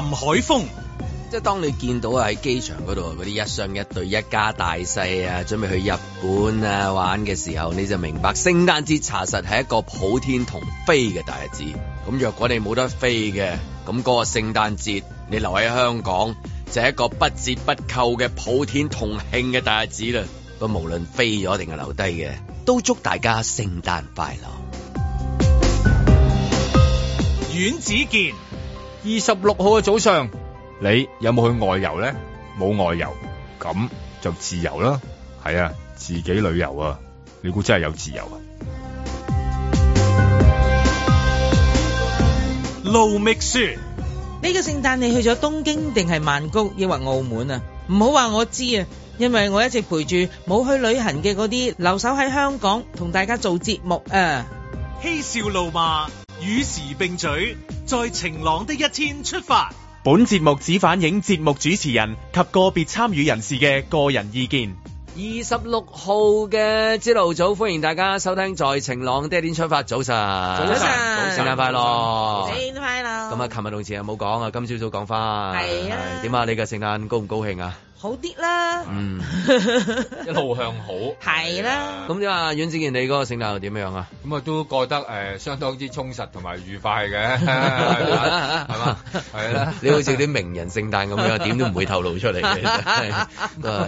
林海峰，即係當你見到喺機場嗰度嗰啲一雙一對一家大細啊，準備去日本啊玩嘅時候，你就明白聖誕節查實係一個普天同飛嘅大日子。咁若果你冇得飛嘅，咁嗰個聖誕節你留喺香港就係一個不折不扣嘅普天同慶嘅大日子啦。不過無論飛咗定係留低嘅，都祝大家聖誕快樂。阮子健。二十六號嘅早上，你有冇去外遊咧？冇外遊，咁就自由啦。係啊，自己旅遊啊，你估真係有自由啊？盧覓雪，呢個聖誕你去咗東京定係曼谷抑或澳門啊？唔好話我知啊，因為我一直陪住冇去旅行嘅嗰啲留守喺香港同大家做節目啊。嬉笑怒罵。與時並舉，在晴朗的一天出發。本節目只反映節目主持人及個別參與人士嘅個人意見。二十六號嘅朝早，歡迎大家收聽在晴朗的一天出發。早晨，早晨，聖誕快樂！聖誕快樂！咁啊，琴日同事有冇講啊？今朝早講翻。係啊。點啊？你嘅聖誕高唔高興啊？好啲啦，嗯， 一路向好，係啦、嗯。咁你話阮子健，你嗰個聖誕又點樣啊？咁啊，都過得誒相當之充實同埋愉快嘅，係 嘛是吧，係 啦。你好似啲名人聖誕咁樣，點 都唔會透露出嚟嘅。呢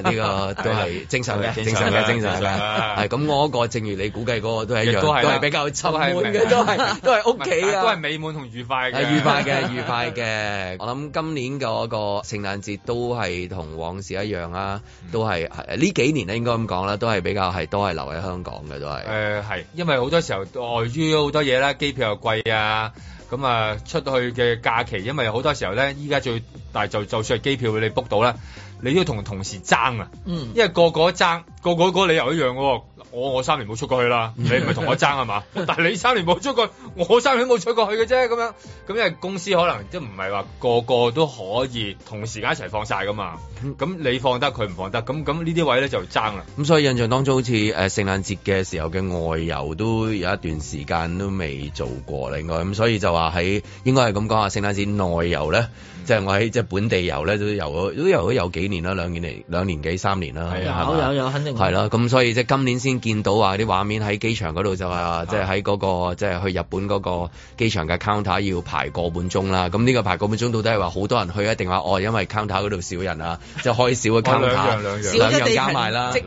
個都係正常嘅，正常嘅，正常嘅。係咁，啊啊、我嗰個正如你估計嗰個都係一樣，啊、都係比較親密嘅，都係都係屋企啊都係、啊、美滿同愉快嘅，愉快嘅，愉快嘅。我諗今年嗰個聖誕節都係同往事一樣啦、啊，都係誒呢幾年咧，應該咁講啦，都係比較係都係留喺香港嘅都係、呃。誒係，因為好多時候外資好多嘢啦，機票又貴啊，咁啊出去嘅假期，因為好多時候咧，依家最但係就就算係機票畀你 book 到啦，你都要同同事爭啊，嗯、因為個個爭，個個個理由一樣喎、哦。我我三年冇出過去啦，你唔係同我爭係嘛？ 但係你三年冇出過，我三年冇出過去嘅啫咁樣。咁因為公司可能即係唔係話個個都可以同時間一齊放晒噶嘛。咁你放得佢唔放得，咁咁呢啲位咧就爭啦。咁 所以印象當中好似、呃、聖誕節嘅時候嘅外遊都有一段時間都未做過另外，咁所以就話喺應該係咁講啊。聖誕節內遊咧，即、嗯、係、就是、我喺即係本地遊咧都遊咗都遊咗有幾年啦，兩年嚟兩年，兩年幾三年啦。係有有，有肯定係啦。咁所以即係今年先。見到啊，啲畫面喺機場嗰度就話，即係喺嗰個即係、就是、去日本嗰個機場嘅 counter 要排個半鐘啦。咁呢個排個半鐘到底係話好多人去，啊？定話哦因為 counter 嗰度少人啊，即 係開少個 counter、哦、兩樣加埋啦。係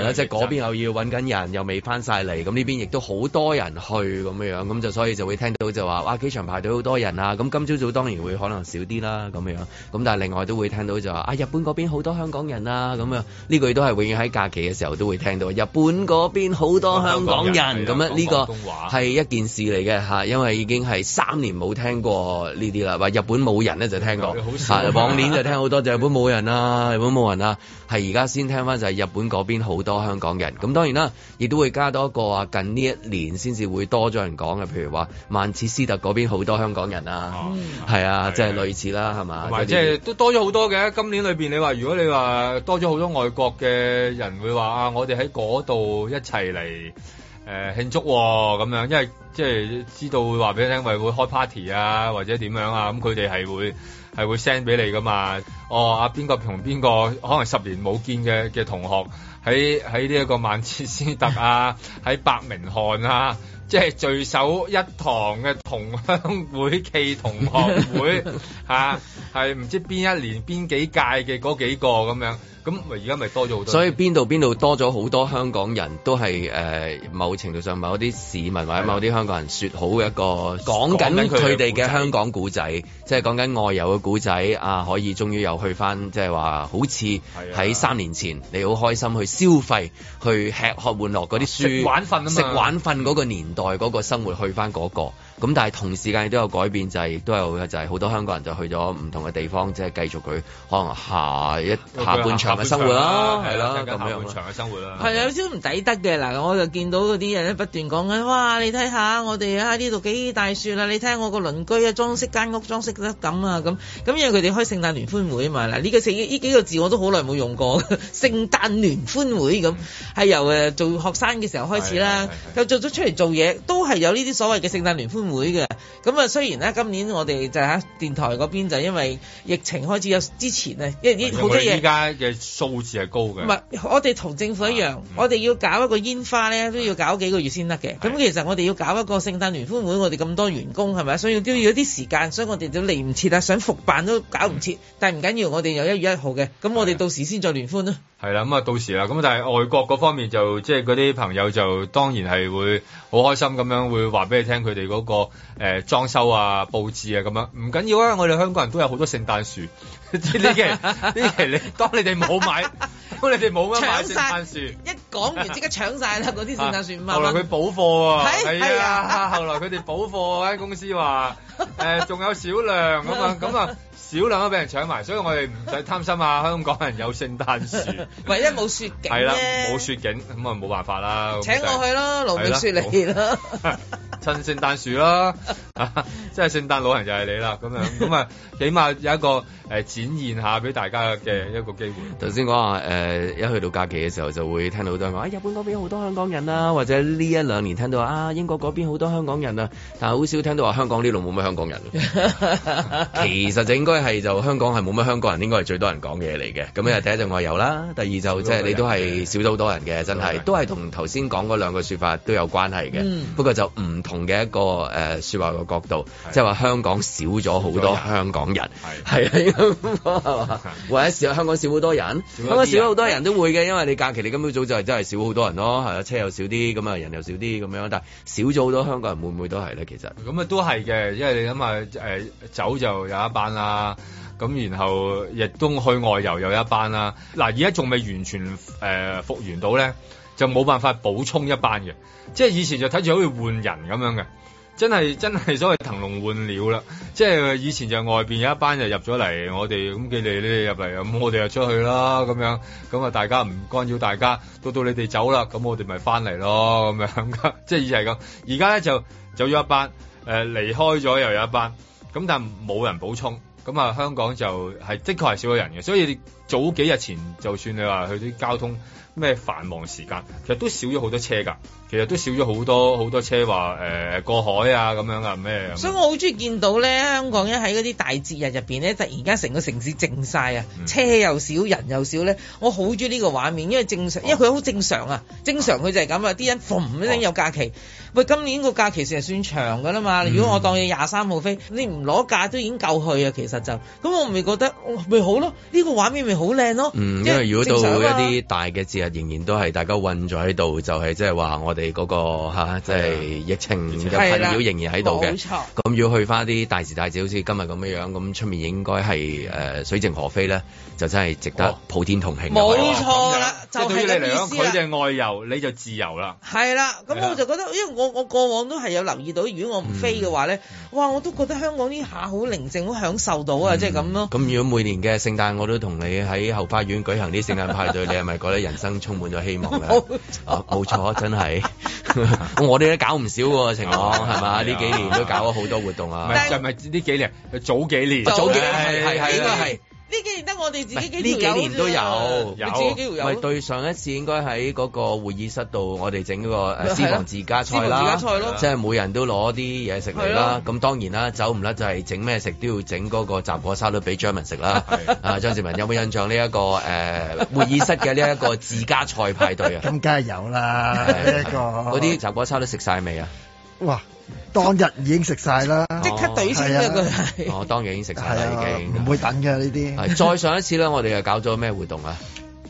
咯、啊，即係嗰邊又要揾緊人，又未翻晒嚟。咁呢邊亦都好多人去咁樣，咁就所以就會聽到就話哇機場排隊好多人啊。咁今朝早當然會可能少啲啦咁樣。咁但係另外都會聽到就話啊日本嗰邊好多香港人啊咁啊，呢句都係永遠喺假期嘅時候都會聽到日本嗰邊好多香港人，咁樣呢個係一件事嚟嘅嚇，因為已經係三年冇聽過呢啲啦。話日本冇人咧，就聽過、嗯嗯，往年就聽好多就日本冇人啦，日本冇人啦、啊，係而家先聽翻就係日本嗰邊好多香港人。咁、啊、當然啦，亦都會加多一個啊，近呢一年先至會多咗人講嘅，譬如話曼徹斯特嗰邊好多香港人啊，係啊，即係類似啦，係嘛？唔係即係都多咗好多嘅。今年裏邊你話如果你話多咗好多外國嘅人會話啊，我哋喺嗰度。一齊嚟，誒慶祝咁、哦、樣，因為即係知道會話俾你聽，會會開 party 啊，或者點樣啊，咁佢哋係會係會 send 俾你噶嘛？哦，阿、啊、邊個同邊個可能十年冇見嘅嘅同學，喺喺呢一個曼徹斯特啊，喺 伯明翰啊，即係聚首一堂嘅同鄉會暨同學會吓，係 唔、啊、知邊一年邊幾屆嘅嗰幾個咁樣。咁咪而家咪多咗好多，所以邊度邊度多咗好多香港人都係誒、呃、某程度上，某一啲市民或者某啲香港人說好嘅一個，講緊佢哋嘅香港故仔，即係講緊外遊嘅故仔。啊，可以終於又去翻，即係話好似喺三年前，你好開心去消費、去吃喝玩樂嗰啲食、啊、玩瞓食玩瞓嗰個年代嗰、那個生活去翻嗰、那個。咁、嗯、但係同時間亦都有改變，就係、是、亦都有就係、是、好多香港人就去咗唔同嘅地方，即、就、係、是、繼續佢可能下一下，下半場嘅生活啦，係啦、啊，咁、啊、樣。係有少少唔抵得嘅嗱，我就見到嗰啲人不斷講緊，哇！你睇下我哋啊呢度幾大雪啦、啊，你睇下我個鄰居啊裝飾間屋裝飾得咁啊咁咁，因為佢哋開聖誕聯歡會啊嘛嗱，呢個呢幾個字我都好耐冇用過，聖誕聯歡會咁係由誒做學生嘅時候開始啦，就做咗出嚟做嘢都係有呢啲所謂嘅聖誕聯歡。會嘅咁啊，雖然咧今年我哋就喺電台嗰邊，就因為疫情開始有之前咧，因為呢好多嘢。依家嘅數字係高嘅。唔係，我哋同政府一樣，啊嗯、我哋要搞一個煙花咧，都要搞幾個月先得嘅。咁其實我哋要搞一個聖誕聯歡會，我哋咁多員工係咪？所以都要一啲時間，所以我哋都嚟唔切啊！想復辦都搞唔切、嗯，但係唔緊要，我哋有一月一號嘅，咁我哋到時先再聯歡咯。係啦，咁啊、嗯、到時啦，咁但係外國嗰方面就即係嗰啲朋友就當然係會好開心咁樣會話俾你聽，佢哋嗰個。誒、呃，裝修啊，布置啊，咁樣唔緊要啊！我哋香港人都有好多聖誕樹，呢期呢 期你，當你哋冇買， 當你哋冇乜買聖誕樹，一講完即刻搶晒啦！嗰啲聖誕樹五萬後來佢補貨啊。係 啊，後來佢哋補貨，間、哎啊啊、 公司話誒，仲、呃、有少量咁 樣咁啊。 少兩都俾人，人搶埋，所以我哋唔使貪心啊！香港人有聖誕樹， 唯一冇雪景啫，冇雪景咁啊，冇辦法啦。請我去咯，羅明雪嚟啦趁聖誕樹啦，即 係、啊、聖誕老人就係你啦，咁樣咁啊，起碼有一個誒、呃、展現下俾大家嘅一個機會。頭先講話一去到假期嘅時候就會聽到好多人話啊、哎，日本嗰邊好多香港人啦、啊，或者呢一兩年聽到啊，英國嗰邊好多香港人啊，但係好少聽到話香港呢度冇乜香港人、啊。 其實就應該。係就香港係冇乜香港人，應該係最多人講嘢嚟嘅。咁啊，第一就我有啦，第二就即係你都係少咗好多人嘅，真係都係同頭先講嗰兩個説法都有關係嘅、嗯。不過就唔同嘅一個誒説、呃、話個角度，即係話香港少咗好多香港人，係或者少香港少好多人，香港少好多人都會嘅，因為你假期你今朝早就係真係少好多人咯，係、呃、啊，車又少啲，咁啊人又少啲咁樣。但係少咗好多香港人會唔會都係咧？其實咁啊都係嘅，因為你諗下誒走就有一班啊。咁然後亦都去外遊又有一班啦，嗱，而家仲未完全誒、呃、復原到咧，就冇辦法補充一班嘅，即係以前就睇住好似換人咁樣嘅，真係真係所謂騰籠換鳥啦，即係以前就外邊有一班就入咗嚟，我哋咁幾年你哋呢入嚟，咁我哋又出去啦，咁樣，咁啊大家唔干擾大家，到到你哋走啦，咁我哋咪翻嚟咯，咁樣，即係係咁，而家咧就走咗一班，誒、呃、離開咗又有一班，咁但係冇人補充。咁、嗯、啊，香港就係、是、的確係少咗人嘅，所以早幾日前，就算你話去啲交通咩繁忙時間，其實都少咗好多車㗎，其實都少咗好多好多車話誒、呃、過海啊，咁樣啊咩？所以我好中意見到咧，香港一喺嗰啲大節日入邊咧，突然間成個城市靜晒啊、嗯，車又少，人又少咧，我好中意呢個畫面，因為正常，因為佢好正常啊，啊正常佢就係咁啊，啲人一咧有假期。喂，今年個假期其實係算長㗎啦嘛！如果我當你廿三號飛，嗯、你唔攞假都已經夠去啊！其實就咁，我咪覺得咪好咯，呢、呢個畫面咪好靚咯、哦。嗯，因為如果到一啲大嘅節日，仍然都係大家混咗喺度，就係即係話我哋嗰、嗰個即係、啊就是、疫情有困仍然喺度嘅。冇錯，咁、啊、要去翻啲大時大節，好似今日咁樣樣，咁出面應該係誒水靜河飛咧，就真係值得普天同慶。冇、哦、錯啦，就係、是、你嚟講，佢就係外遊你就自由啦。係啦、啊，咁我就覺得、啊、因為。我我過往都係有留意到，如果我唔飛嘅話咧，哇、嗯！我都覺得香港呢下好寧靜，好享受到啊，即係咁咯。咁、嗯、如果每年嘅聖誕我都同你喺後花園舉行啲聖誕派對，你係咪覺得人生充滿咗希望咧？冇錯、啊、冇錯，真係。 我哋都搞唔少嘅情況係嘛？呢 是吧 幾年都搞咗好多活動啊！唔係？唔係，呢幾年早幾年，早幾年係係係呢係呢幾年得我哋自己幾條友都有，咪對上一次應該喺嗰個會議室度，我哋整嗰個私房自家菜啦，是啊是啊菜啦是啊、即係每人都攞啲嘢食嚟啦。咁、啊、當然啦，走唔甩就係整咩食都要整嗰個雜果沙律俾張文食啦啊。啊， 張志文有冇印象呢、這、一個誒、呃、 會議室嘅呢一個自家菜派對啊？咁梗係有啦，呢個嗰啲雜果沙律食晒未啊？哇！當日已經食晒啦，即刻抵食。啦個哦，當日已經食晒啦，哦啊已經啊、已經。唔會等嘅呢啲。係再上一次咧， 我哋又搞咗咩活動啊？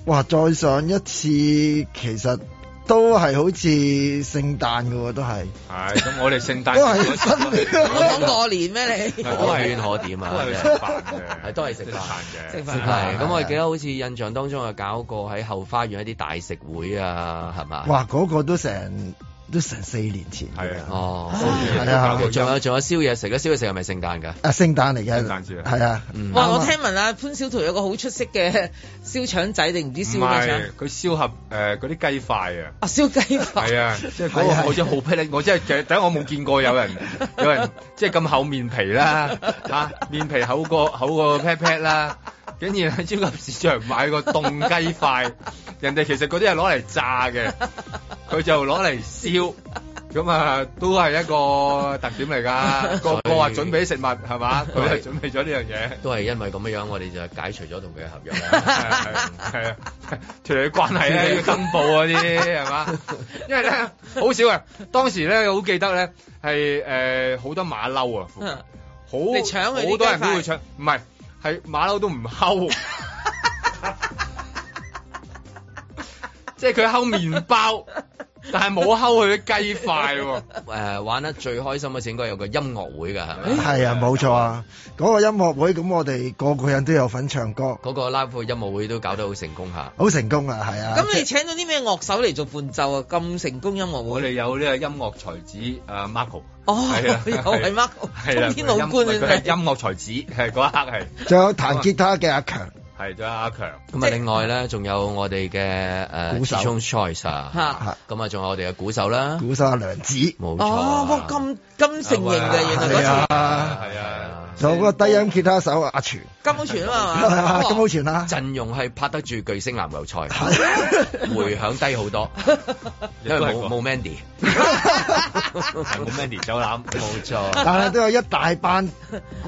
哇！再上一次，其實都係好似聖誕噶喎，都係。係 咁，我哋聖誕都係新年， 我講過年咩？你 可圈可點啊？係都係食飯嘅，食飯係。咁我記得好似印象當中啊，搞過喺後花園一啲大食會啊，係嘛？哇！嗰個都成。都成四年前，係啊，哦，係、哦哦、啊，仲有仲有，有燒嘢食，嗰燒嘢食係咪聖誕㗎？啊，聖誕嚟㗎，係啊、嗯，哇！我聽聞啊、嗯，潘小桃有個好出色嘅燒腸仔，定唔知燒乜嘢？佢燒盒誒嗰啲雞塊啊！啊，燒雞塊係 啊，即係嗰個外張好霹靂， 我真係其實等我冇見過有人 有人即係咁厚面皮啦 啊！面皮厚過厚過 pat pat 啦。 屁 竟然喺超級市場買個凍雞塊，人哋其實嗰啲係攞嚟炸嘅，佢就攞嚟燒，咁啊都係一個特點嚟噶。個個話準備食物係嘛，佢係準備咗呢樣嘢。都係因為咁樣樣，我哋就解除咗同佢嘅合約啦，係啊，脫離、啊啊、關係啦，要登報嗰啲係嘛。因為咧好少啊，當時咧好記得咧係誒好多馬騮啊，好好多人都會搶，唔係。係馬騮都唔烤，即係佢烤麵包。 但係冇烤佢啲雞塊喎、啊！ 玩得最開心嘅時應該有個音樂會㗎，係咪？係啊，冇錯啊！嗰、那個音樂會，咁我哋個個人都有份唱歌。嗰、那個 live 音樂會都搞得好成功嚇，好成功啊，係啊！咁你請到啲咩樂手嚟做伴奏啊？咁成功音樂會，我哋有呢個音樂才子啊 Marco 哦，係啊，Marco，、啊啊啊啊啊、天老冠嘅、啊、音，音樂才子係嗰、 啊、一刻係，仲有彈吉他嘅阿強。係咗阿強咁啊另外咧仲有我哋嘅誒誒，時鐘、呃、choice 啊，咁啊仲、啊、有我哋嘅鼓手啦，鼓手阿梁子，冇錯，錯，咁咁承認嘅，原來嗰次，係啊，係啊。有嗰個低音吉他手、啊、阿全金寶全啊嘛、啊，金寶全、啊啊、全啊，陣容係拍得住巨星籃球賽，迴 響低好多， 因為冇沒冇 沒 Mandy，冇 Mandy 走佬，冇錯，但係都有一大班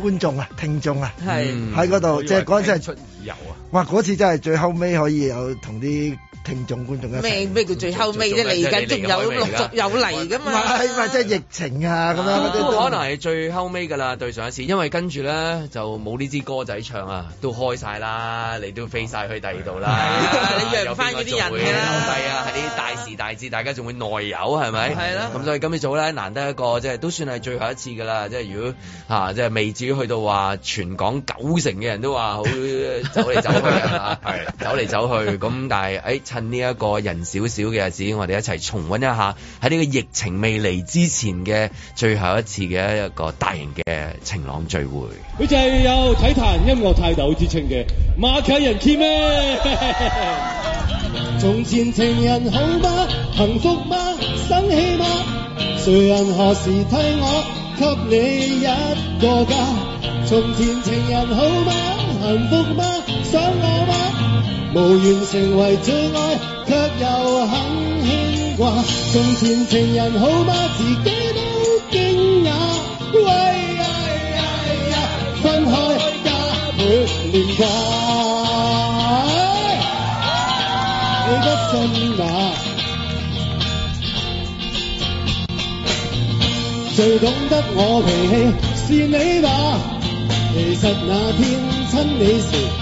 觀眾啊、聽眾啊，喺嗰度，即係嗰陣真係出遊啊，哇！嗰次真係最後尾可以有同啲。聽眾觀眾咩咩叫最後尾即嚟緊仲有陸續有嚟噶嘛？係， 即、啊、係、即係、疫情啊咁、啊、樣，啊、可能係最後尾㗎啦。對上一次，因為跟住咧就冇呢支歌仔唱啊，都開曬啦，嚟都飛曬去第二度啦。係你約唔翻嗰啲人㗎啦。係啊，喺、啊啊啊啊、大時大節，大家仲會內遊係咪？係啦。咁、啊啊、所以今日早咧，難得一個即係都算係最後一次㗎啦。即係如果、啊、即係未至於去到話，全港九成嘅人都話好走嚟走去 啊，係、啊、走嚟走去。咁 但係誒趁呢一個人少少嘅日子，我哋一齊重溫一下喺呢個疫情未嚟之前嘅最後一次嘅一個大型嘅晴朗聚會。佢就係有體壇音樂泰斗之稱嘅馬啟仁 Kimi。從 前情人好嗎？幸福嗎？生氣嗎？誰人何時替我給你一個家？從前情人好嗎？幸福嗎？想我嗎？無緣成為最愛，卻又很牽掛。從前情人好嗎？自己都驚訝喂呀呀呀。分開加倍連掛，啊。你不信吧？最懂得我脾氣是你吧？其實那天親你時。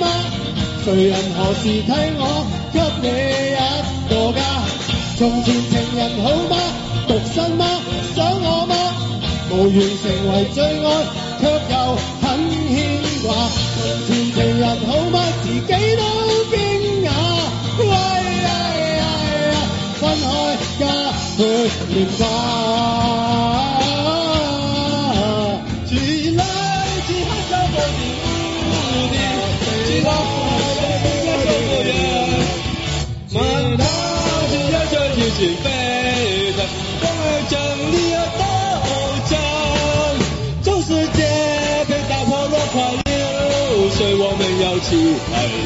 誰人何時替我給你一個家？從前情人好嗎？獨身嗎？想我嗎？無緣成為最愛，卻又很牽掛。從前情人好嗎？自己都驚訝喂呀呀呀。分開加倍念掛。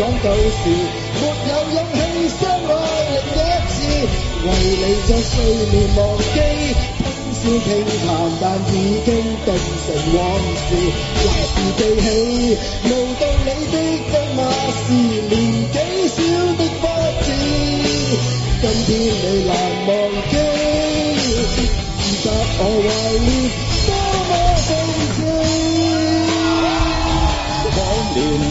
講舊時，沒有勇氣相愛另一次，為你將睡眠忘記，通宵傾談，但已經頓成往事，還是記起，冇道理的咒罵，是年紀小的不智，今天你難忘記，只得我懷念。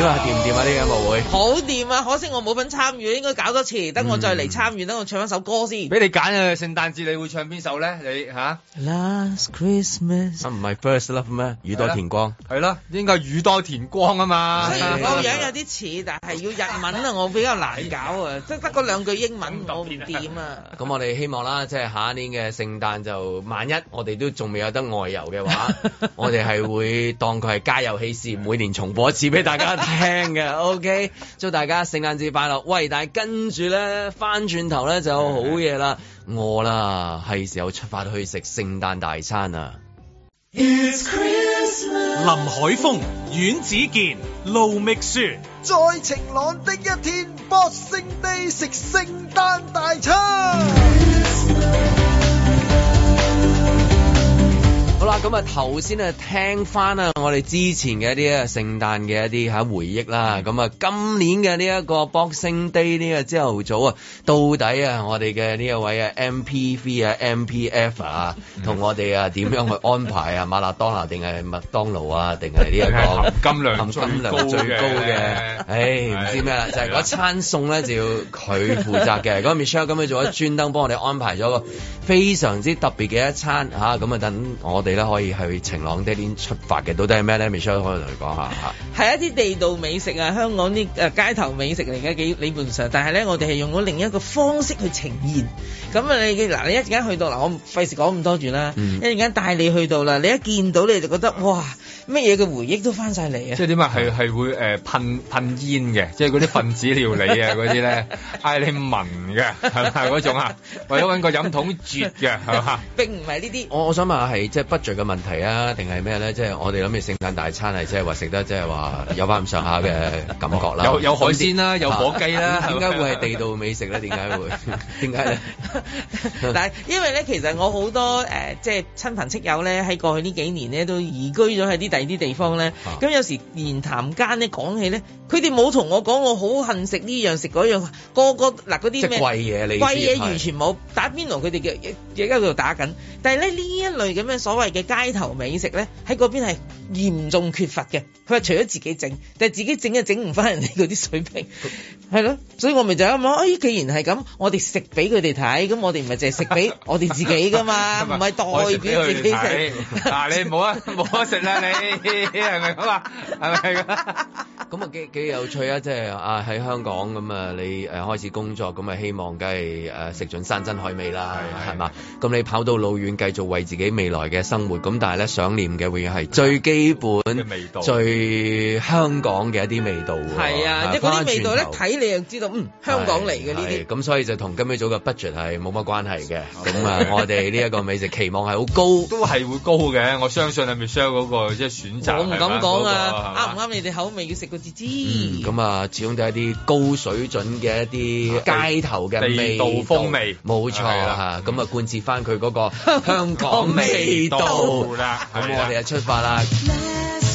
點啊？掂唔掂啊？呢個音樂會好掂啊！可惜我冇份參與，應該搞多次，等我再嚟參與，等我唱一首歌先。俾你揀啊！聖誕節你會唱邊首咧？你嚇？Last Christmas，啊。唔係 First Love 咩？宇多田光。係咯，啊啊，應該宇多田光啊嘛。雖然個樣有啲似，但係要日文啊，我比較難搞啊，即係得嗰兩句英文，我唔掂啊。咁 我哋希望啦，即係下一年嘅聖誕就，萬一我哋都仲未有得外遊嘅話， 我哋係會當佢係加油氣事， 每年重播一次俾大家。輕 嘅 ，OK，祝大家聖誕節快樂。喂，但係跟住咧，翻轉頭咧就好嘢啦，餓啦，係時候出發去食聖誕大餐啊！林海峰、阮子健、盧覓雪，在晴朗的一天，Boxing Day 食聖誕大餐。好啦咁啊，頭先啊聽翻啊我哋之前嘅一啲聖誕嘅一啲吓回憶啦，咁啊今年嘅呢一個 Boxing Day 呢個朝頭早啊，到底啊我哋嘅呢一位 M P V 啊 M P F 啊，同、嗯、我哋啊點樣去安排啊馬拉當勞定係麥當勞啊定係呢一個含金量含金量最高嘅，誒唔、 哎、知咩啦，就係、是、嗰餐餸咧 就要佢負責嘅。咁、那個、Michelle 今日做咗專登幫我哋安排咗個非常之特別嘅一餐吓，咁啊等我哋。可以去晴朗的一天出發嘅到底係咩咧？我可以同你講下吓，係一啲地道美食啊，香港啲誒、呃、街頭美食嚟嘅，幾基本上。但係咧，我哋係用咗另一個方式去呈現。咁啊，你嗱，你一陣間去到嗱，我費事講咁多住啦、嗯，一陣間帶你去到啦，你一見到你就覺得哇！乜嘢嘅回憶都翻晒嚟啊！即係點解係係會誒噴噴煙嘅，即係嗰啲分子料理啊嗰啲咧，嗌 你聞嘅係咪嗰種啊？為咗揾個飲筒啜嘅係咪？並唔係呢啲。我我想問下係即係不醉嘅問題啊，定係咩咧？即係我哋諗住聖誕大餐係即係話食得即係話有翻咁上下嘅感覺啦。 有有海鮮啦，有火雞啦，點 解會係地道美食咧？點解會？點解咧？嗱，因為咧，其實我好多誒，即係親朋戚友咧，喺過去呢幾年咧，都移居咗喺啲第啲地方咧，咁有時言談間咧，講起咧，佢哋冇同我講我好恨食呢樣食嗰樣，個個嗱嗰啲咩貴嘢，嚟貴嘢完全冇打邊爐，佢哋嘅嘢喺度打緊。但係咧呢一類咁樣所謂嘅街頭美食咧，喺嗰邊係嚴重缺乏嘅。佢話除咗自己整，但係自己整又整唔翻人哋嗰啲水平。 係咯，所以我咪就咁諗，哎，既然係咁，我哋食俾佢哋睇，咁我哋唔係淨係食俾我哋自己噶嘛，唔 係代表自己食。嗱、 啊，你唔好啊，冇得食啦， 你係咪咁啊？係咪咁？ 咁啊，幾幾有趣啊！即係啊，喺香港咁啊，你誒開始工作咁啊，希望梗係誒食盡山珍海味啦，係嘛？咁你跑到老遠繼續為自己未來嘅生活，咁但係咧想念嘅永遠係最基本嘅味道，最香港嘅一啲味道。係啊，即係嗰啲味道咧，睇你又知道，嗯，香港嚟嘅呢啲。咁所以就同今朝早嘅 budget 係冇乜關係嘅。咁啊，我哋呢一個美食期望係好高，都係會高嘅。我相信阿 Michelle 嗰個即係選擇，我唔敢講啊，啱唔啱你哋口味要食個。嗯，咁、嗯、啊，始終都係一啲高水準嘅一啲街頭嘅味道、地道風味，冇錯啦吓，咁啊，貫徹翻佢嗰個香港味道啦。咁 味 我哋就出發啦。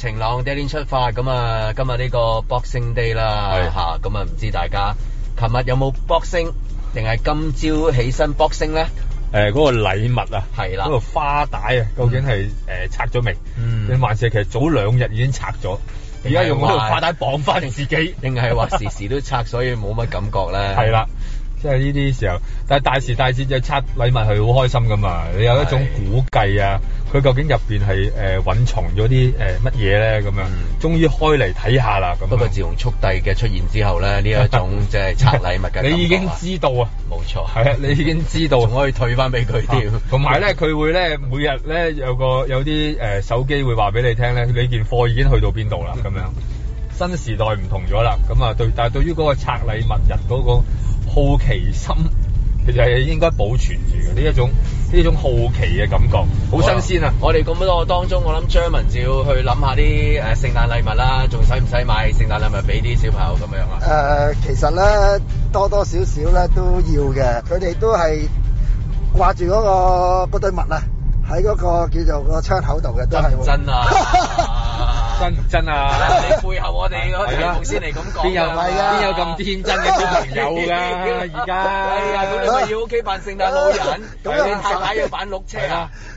晴朗的一天出發，咁啊，今日呢個 Boxing Day 啦，嚇，咁啊，唔知大家琴日有冇 Boxing，定係今朝起身 Boxing 咧？嗰、那個禮物啊，係啦，嗰個花帶啊，究竟係拆咗未？嗯、呃，萬事、嗯、其實早兩日已經拆咗，而家用嗰個花帶綁翻自己，定係話時時都拆， 所以冇乜感覺咧。係啦，即係呢啲時候，但係大時大節就拆禮物係好開心噶嘛，你有一種估計啊。佢究竟入面係誒隱藏咗啲乜嘢咧？咁樣，終於開嚟睇下啦。咁不過，自從速遞嘅出現之後咧，呢一種即係拆禮物嘅， 你已經知道啊，冇錯，啊， 你已經知道， 我可以退翻俾佢添。同埋咧，佢會咧每日咧有個有啲手機會話俾你聽咧，你件貨已經去到邊度啦？咁樣，新時代唔同咗啦。咁啊，對，但係對於嗰個拆禮物人嗰個好奇心。其實係應該保存住嘅呢一種呢種好奇嘅感覺，好新鮮啊！我哋咁多個當中，我諗張文照去諗下啲誒聖誕禮物啦，啊，仲使唔使買聖誕禮物俾啲小朋友咁樣啊？誒、呃，其實咧多多少少咧都要嘅，佢哋都係掛住嗰，那個堆物啊，那個，喺嗰個叫做個窗口度嘅都係真，真啊！ 真真啊？你背後我哋個先嚟咁講，邊有係啊？邊有咁天真嘅小朋友㗎？而、啊啊嗯啊、家哎呀，咁你咪要屋企扮聖誕老人，咁你太太要扮綠車，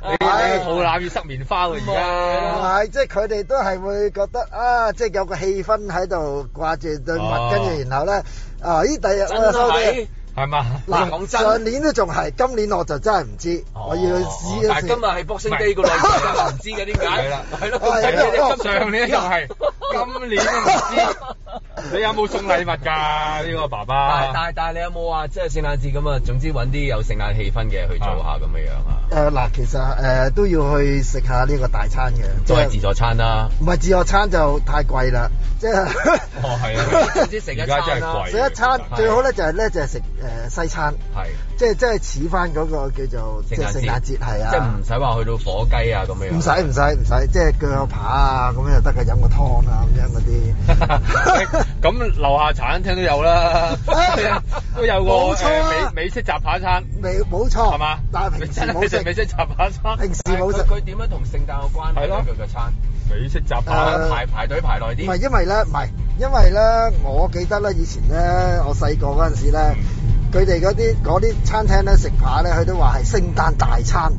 你你肚腩要塞棉花㗎而家。唔係、啊，即係佢哋都係會覺得啊，即、就、係、是、有個氣氛喺度掛住對襪。跟住然後咧啊，依第、啊、日收係嘛？嗱，上年都仲係，今年我就真係唔知，哦，我要去試，哦。哦、但今日係博升機個女，唔 知嘅點解？係啦，係咯，上年又係， 今年都唔知。 你有冇送禮物噶呢 個爸爸？ 但係但係你有冇話即係聖誕節咁啊？總之搵啲有聖誕氣氛嘅去做下咁樣樣啊？誒嗱，其實誒都要去食下呢個大餐嘅，都係自助餐啦。唔係自助餐就太貴啦，即係。哦係啊，而家 真係貴。食一餐最好咧就係咧就係食誒西餐。係。即係即係似翻嗰個叫做即係聖誕節係啊，即係唔使話去到火雞啊咁樣。唔使唔使唔使，即係腳扒啊咁樣就得嘅，飲個湯啊咁樣嗰啲。咁、 欸、樓下茶餐廳都有啦，都 有，有個美式雜扒餐。美冇錯係嘛？但係平時冇食。美式雜扒餐？平時冇食。佢點樣同聖誕有關係？係咯、啊，佢個餐美式雜扒，排排隊排耐啲。唔係因為咧，唔係因為咧，我記得咧，以前咧，我細個嗰陣時咧。嗯佢哋嗰啲啲餐廳咧食扒咧，佢都話係聖誕大餐，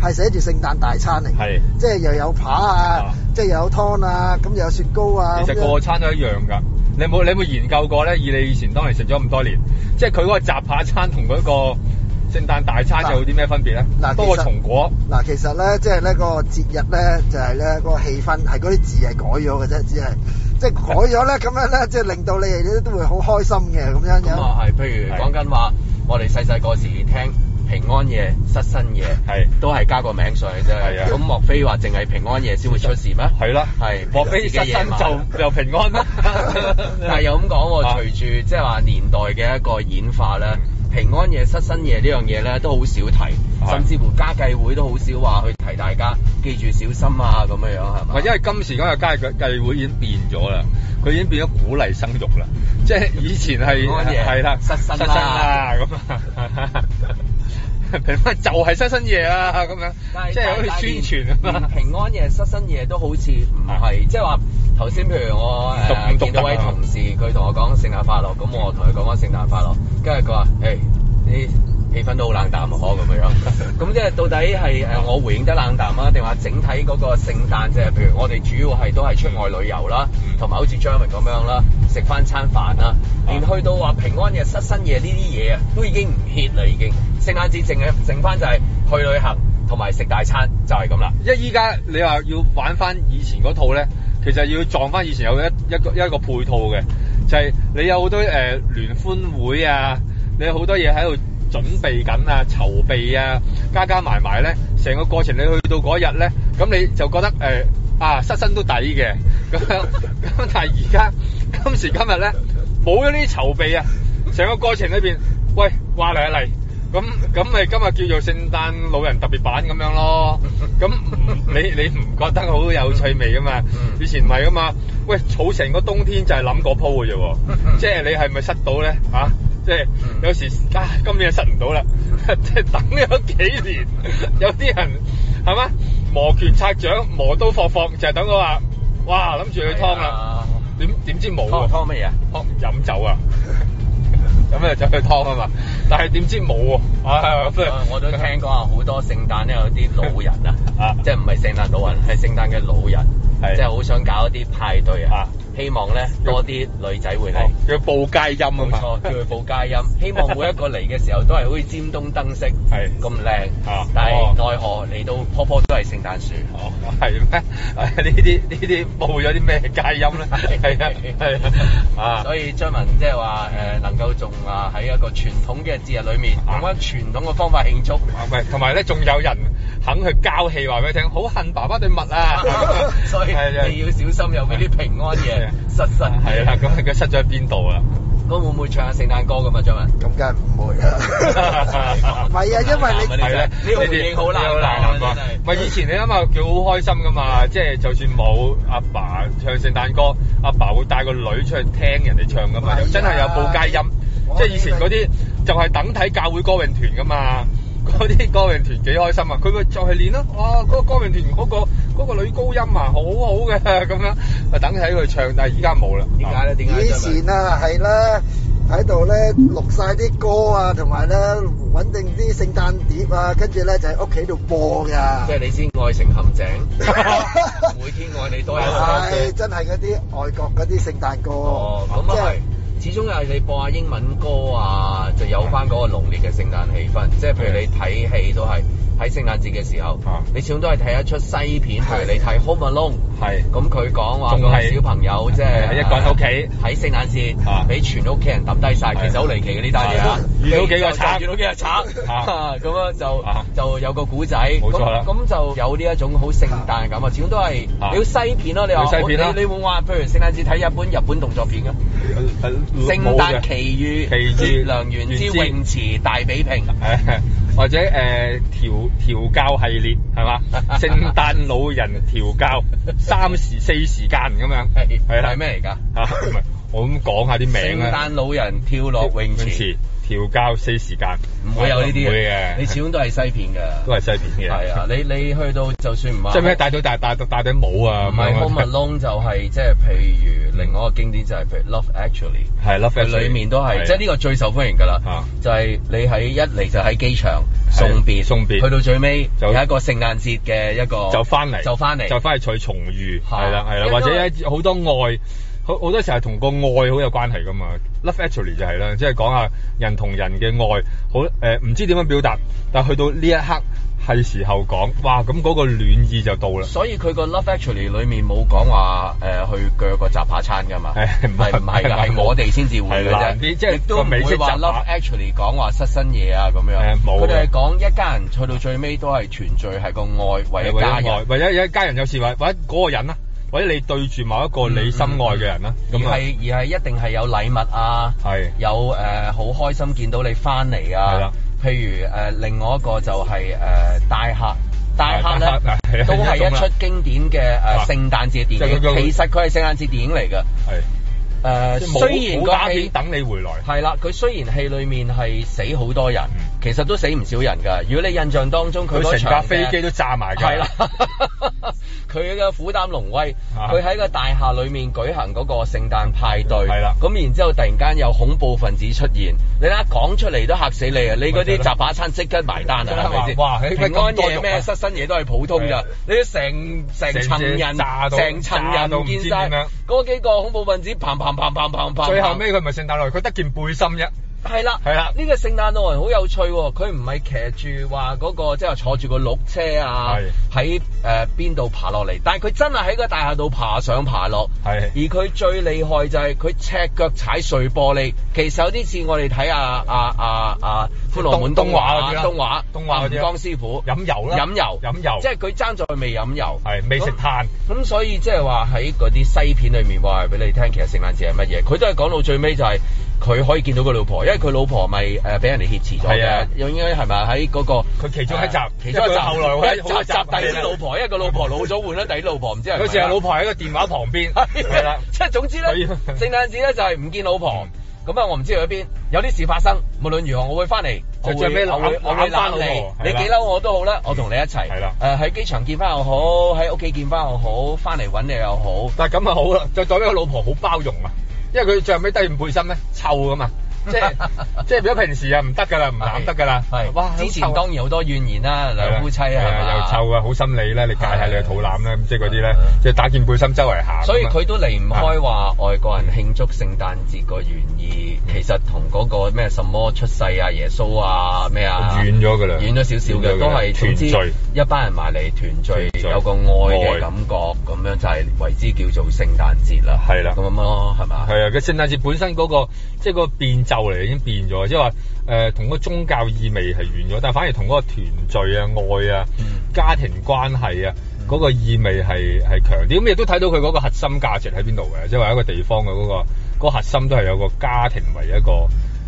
係寫住聖誕大餐嚟，即係又有扒啊，啊即係又有湯啊，咁又有雪糕啊。其實個餐都一樣㗎。你有冇你冇研究過咧？以你以前當年食咗咁多年，即係佢嗰個雜扒餐同嗰個聖誕大餐就有啲咩分別咧？嗱、啊，多個松果。嗱、啊，其實咧，即係咧個節日咧，就係、是、咧個氣氛係嗰啲字係改咗嘅啫，只係。即係改咗咧，咁樣咧，即係令到你哋都會好開心嘅咁樣。咁哦，係，譬如講緊話，我哋細細個時聽平安夜、失身夜，係都係加個名上去啫。咁莫非話淨係平安夜先會出事咩？係啦。係莫非失身就就平安啦？ 但係又咁講喎，隨住、啊、即係話年代嘅一個演化咧。嗯平安夜、失身夜呢樣嘢咧，都好少提，甚至乎家計會都好少話去提大家記住小心啊咁樣樣係嘛？或者係今時嗰個家計會已經變咗啦，佢已經變咗鼓勵生育啦，即係以前係平安夜啦、失身啦咁。平 安就係失身夜啊咁樣，即係好似宣傳啊嘛！大大平安夜、失身夜都好似唔係，即係話頭先譬如我見到一位同事，佢同我講聖誕快樂，咁、嗯、我同佢講翻聖誕快樂，跟住佢話：誒、hey, 啲氣氛都好冷淡可咁樣。咁、嗯、 即係到底係我回應得冷淡啊，定話整體嗰個聖誕即係譬如我哋主要係都係出外旅遊啦，同埋好似張明咁樣啦。食翻餐飯啦，連去到話平安夜、失身夜呢啲嘢啊，都已經唔 heat 啦。已經聖誕節剩嘅剩翻就係去旅行同埋食大餐，就係咁啦。因為依家你話要玩翻以前嗰套咧，其實要撞翻以前有一一個一,一個配套嘅，就係、是、你有好多誒、呃、聯歡會啊，你有好多嘢喺度準備緊啊、籌備啊，加加埋埋咧，成個過程你去到嗰日咧，咁你就覺得誒、呃、啊失身都抵嘅咁樣咁。 但係而家。今時今日咧，冇咗啲籌備啊！成個過程裏邊，喂，話嚟就嚟，咁咁咪今日叫做聖誕老人特別版咁樣咯。咁你你唔覺得好有趣味噶嘛？以前唔係噶嘛？喂，儲成個冬天就係諗嗰鋪嘅啫喎，即係你係咪塞到咧嚇？即係有時啊，今年就塞唔到啦，即係等咗幾年，有啲人係咪？磨拳擦掌、磨刀霍霍，就係等到話，哇，諗住去劏啦！哎點點知冇喎？湯乜嘢啊？湯飲酒啊！飲嘅酒去湯啊嘛！ 但係點知冇喎？啊， 我都聽講啊，好多聖誕咧有啲老人啊， 即係唔係聖誕老人，係 聖誕嘅老人，即係好想搞一啲派對啊！ 希望咧多啲女仔會嚟，叫、哦、報佳音冇錯嘛，叫佢報佳音。 希望每一個嚟嘅時候都係好似尖東燈飾，咁靚。啊，哦、但係奈何你、啊啊、都棵棵都係聖誕樹，哦，係、啊、咩？呢啲呢啲報咗啲咩佳音咧？係 啊，啊，所以張文即係話能夠仲喺一個傳統嘅節日裏面用翻傳統嘅方法慶祝，同埋咧仲有人肯去交氣話俾你聽，好恨爸爸對襪啊， 所以 你要小心又俾啲平安嘢。失神係啦，咁佢佢失咗喺邊度啊？我會唔會唱下聖誕歌噶嘛？張文咁梗係唔會啦，唔係啊，因為你呢個環境好難啊嘛。唔係以前你諗下佢好開心噶嘛，即係就算冇阿爸唱聖誕歌，阿爸會帶個女出去聽人哋唱噶嘛，又真係有報佳音，即係以前嗰啲就係等睇教會歌詠團噶嘛，嗰啲歌詠團幾開心啊！佢咪就係練咯，哦！嗰個歌詠團嗰個。嗰、那個女高音啊，好好嘅咁樣，咪等喺佢唱，但係而家冇啦，點解咧？點解以前啊係啦，喺度咧錄晒啲歌啊，同埋咧搵定啲聖誕碟啊，跟住咧就喺屋企度播㗎、哦。即係你先愛情陷阱， 每天愛你多一啲。真係嗰啲外國嗰啲聖誕歌，哦就是、即係始終又係你播下英文歌啊，就有翻嗰個濃烈嘅聖誕氣氛。即係譬如你睇戲都係。喺聖誕節嘅時候、啊，你始終都係睇一出西片，譬、啊、如你睇《Home Alone》，嗯，係咁佢講話個小朋友即係一個人喺屋企喺聖誕節俾、啊、全屋企人揼低晒，其實好離奇嘅呢單嘢嚇，啊啊、遇到幾個賊，遇到幾個賊咁啊就啊就有個古仔，冇錯啦咁咁就有呢一種好聖誕感啊！始終都係要西片咯、啊啊，你話西片、啊你你，你會話譬如聖誕節睇一本日本動作片嘅、啊啊、聖誕奇遇、良緣之泳池大比拼、啊，或者誒、呃調教系列係嘛？聖誕老人調教 三時四時間咁樣係係咩嚟㗎嚇？ 是是什麼來我咁講下啲名啊！聖誕老人跳落泳，泳池，跳交四時間，唔會有呢啲嘅。你始終都係西片㗎，都係西片嘅。係啊！你你去到就算唔係，即係咩戴到大戴大頂帽啊？唔係 Home Alone 就係即係譬如另外一個經典就係、係、Love Actually 係 Love Actually。裏面都係即係呢個最受歡迎㗎啦。就係、係、你喺一嚟就喺機場送別，送別去到最尾就有一個聖誕節嘅一個就翻嚟，就翻嚟就翻嚟再重遇係啦係啦，或者好多愛。好好多時候係同個愛好有關係噶嘛，Love Actually 就係啦，即係講下人同人嘅愛，好誒唔知點樣表達，但係去到呢一刻係時候講，哇咁嗰個暖意就到啦。所以佢個 Love Actually 裏面冇講話誒去鋸個雜扒餐噶嘛，係唔係？係 我哋先至會嘅啫，難啲即係都唔會話 Love Actually 講話失身嘢啊咁樣。冇，佢哋係講一家人去到最尾都係全聚係個愛為一家人，為一家或者一家人有事話，或者嗰個人啊。或者你對住某一個你心愛嘅人咧，咁、嗯嗯、而係而係一定係有禮物啊，有誒好、呃、開心見到你翻嚟啊，譬如誒、呃、另外一個就係誒大客，大客咧、呃、都係一出經典嘅誒、啊、聖誕節電影，係其實佢係聖誕節電影嚟嘅。誒、呃、雖然個戲等你回來，係啦，佢雖然戲裡面係死好多人。嗯其實都死唔少人㗎。如果你印象當中佢成架飛機都炸埋佢係啦。佢嘅虎膽龍威，佢、啊、喺個大廈裏面舉行嗰個聖誕派對，係、啊、啦。咁然之後突然間有恐怖分子出現，你睇下講出嚟都嚇死你啊！你嗰啲雜把餐即刻埋單、就是、是是哇哇是是啊！你咪唔哇，佢平安夜咩失身嘢都係普通㗎。你啲成成層人，成層人見曬嗰幾個恐怖分子，砰砰砰砰砰最後尾佢咪聖誕老人佢得件背心啫。係啦，係啦，呢、這個聖誕老人好有趣喎、哦！佢唔係騎住話嗰個即係坐住個鹿車啊，喺誒邊度爬落嚟，但係佢真係喺個大廈度爬上爬落。係，而佢最厲害就係佢赤腳踩碎玻璃。其實有啲似我哋睇下，阿阿阿《歡樂滿東華》啲啦，東華東華、啊、江師傅飲油啦，飲油飲油，即係佢爭在未飲油，係未食炭。咁所以即係話喺嗰啲西片裏面話俾你聽，其實聖誕節係乜嘢？佢都係講到最尾就係佢可以見到個老婆，即係佢老婆咪誒俾人哋挾持咗又應該係咪喺嗰個？佢其中一集，啊、其中一集一後來一集，集集第啲老婆，因為、啊、個老婆老咗， 換咗第啲老婆，唔知係。佢成日老婆喺個電話旁邊係啦，即 係、啊啊、總之咧，聖誕節咧就係唔見老婆咁啊！嗯嗯、我唔知佢喺邊，有啲事發生，無論如何，我會翻嚟，我會我會我會翻嚟。你幾嬲我都好啦、啊，我同你一齊係啦。誒喺機場見翻又好，喺屋企見翻又好，翻嚟揾你又好。但係咁啊好啦，就代表個老婆好包容啊，因為佢最後尾低唔背心咧，臭噶嘛。 即係即係，如果平時啊唔得噶啦，唔攬得噶啦。係，哇！之前當然好多怨言啦，兩夫妻係嘛，又臭啊，好心理咧，你戒下你嘅肚腩啦，即係嗰啲咧，即係打件背心周圍行。所以佢都離唔開話外國人慶祝聖誕節個原意，其實同嗰個咩什麼出世啊耶穌啊咩啊遠咗㗎啦，遠咗少少嘅，都係團聚，一班人埋嚟團聚，有個愛嘅感覺咁樣就係為之叫做聖誕節啦。係啦，咁樣咯，係嘛？係啊，佢聖誕節本身嗰個即係個變。嚟已經變咗，即係話誒同個宗教意味係遠咗，但反而同個團聚啊、愛啊、嗯、家庭關係啊嗰、嗯嗰個意味係係強啲。咁亦都睇到佢嗰個核心價值喺邊度嘅，即係話一個地方嘅嗰、嗰個嗰個核心都係有個家庭為一個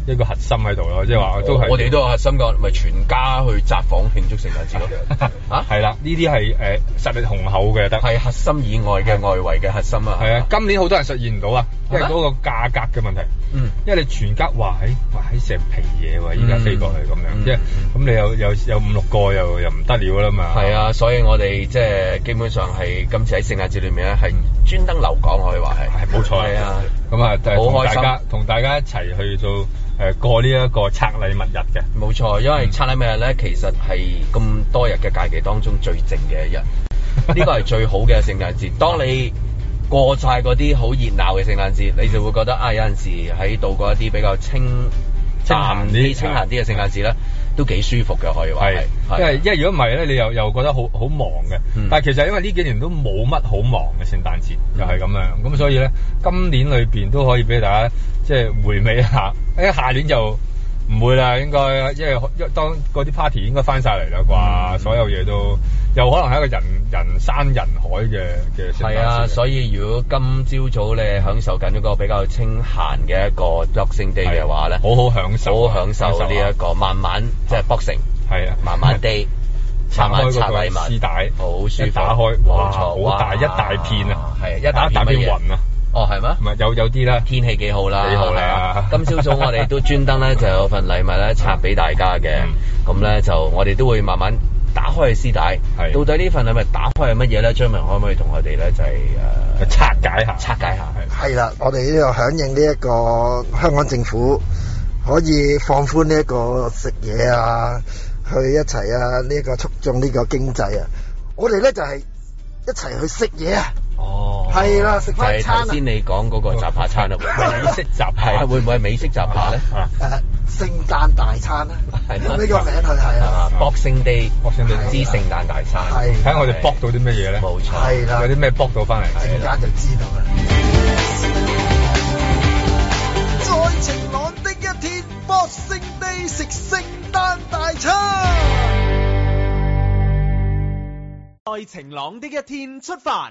一個核心喺度咯。即係話都係我哋都有核心嘅，咪全家去宅房慶祝聖誕節咯。係 啦、啊，呢啲係誒實力雄厚嘅，但係核心以外嘅、啊、外圍嘅核心啊。係啊，啊，今年好多人實現唔到啊！即係嗰個價格嘅問題，因為你全家話喺話喺成皮嘢喎，依家飛過去咁樣，即係咁你有有有五六個又又唔得了啦嘛。係啊，所以我哋即係基本上係今次喺聖誕節裏面咧，係專登留港可以話係。係冇錯。係啊，咁啊，好開心同大家同大家一齊去到誒過呢一個拆禮物日嘅。冇錯，因為拆禮物日咧，其實係咁多日嘅假期當中最靜嘅一日，呢個係最好嘅聖誕節。當你過晒嗰啲好熱鬧嘅聖誕節，你就會覺得啊，有陣時喺度過一啲比較清淡啲、清閒啲嘅聖誕節咧，都幾舒服嘅可以話係。因為因為如果唔係咧，你又又覺得好好忙嘅，嗯。但係其實因為呢幾年都冇乜好忙嘅聖誕節，又係咁樣。咁、嗯、所以咧，今年裏邊都可以俾大家即係回味一下。哎，下年就唔會啦，應該因為當當嗰啲 party 應該翻晒嚟啦啩，所有嘢都又可能係一個人人山人海嘅嘅。係啊，所以如果今朝早，早你享受緊一個比較清閒嘅一個 boxing day 嘅話咧、啊，好好享受、啊，好好享受呢、這、一個慢慢即係 boxing。係啊，慢慢地、就是啊啊、拆開個絲帶，好舒，舒服。一打開，哇，好大一大片啊，啊一大片、啊啊、一大片雲啊！哦，係咩？唔係有有啲啦，天氣幾好啦，幾好啦。啊、今朝早我哋都專登咧就有份禮物咧拆俾大家嘅，咁 咧就我哋都會慢慢打開個絲帶，到底呢份禮物打開係乜嘢咧？張明可唔可以同我哋咧就係誒拆解下，拆解下係。啦，我哋呢度響應呢一個香港政府可以放寬呢一個食嘢啊，去一齊啊，呢、這、一個促進呢個經濟啊，我哋咧就係、是、一齊去食嘢啊！哦、oh，係啦，食翻餐啊！頭、就、先、是、你講嗰個雜扒餐咯，美式雜係啊， 會唔會係美式雜扒咧？誒、 啊，聖誕大餐啦、啊，咁呢、這個名係係。啊，Boxing Day，Boxing Day, Boxing Day 之聖誕大餐，睇下我哋 box 到啲乜嘢咧？冇錯，係啦，有啲咩 box 到翻嚟？陣間，就知啦。在 晴朗的一天，Boxing Day 食聖誕大餐， 在晴朗的一天出發。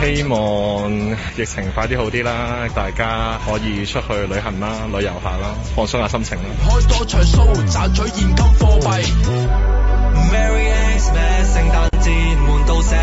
希望疫情快啲好啲啦，大家可以出去旅行啦，旅遊下啦，放鬆下心情啦。開多場 show，賺取現金貨幣。Merry Christmas，聖誕節悶到死，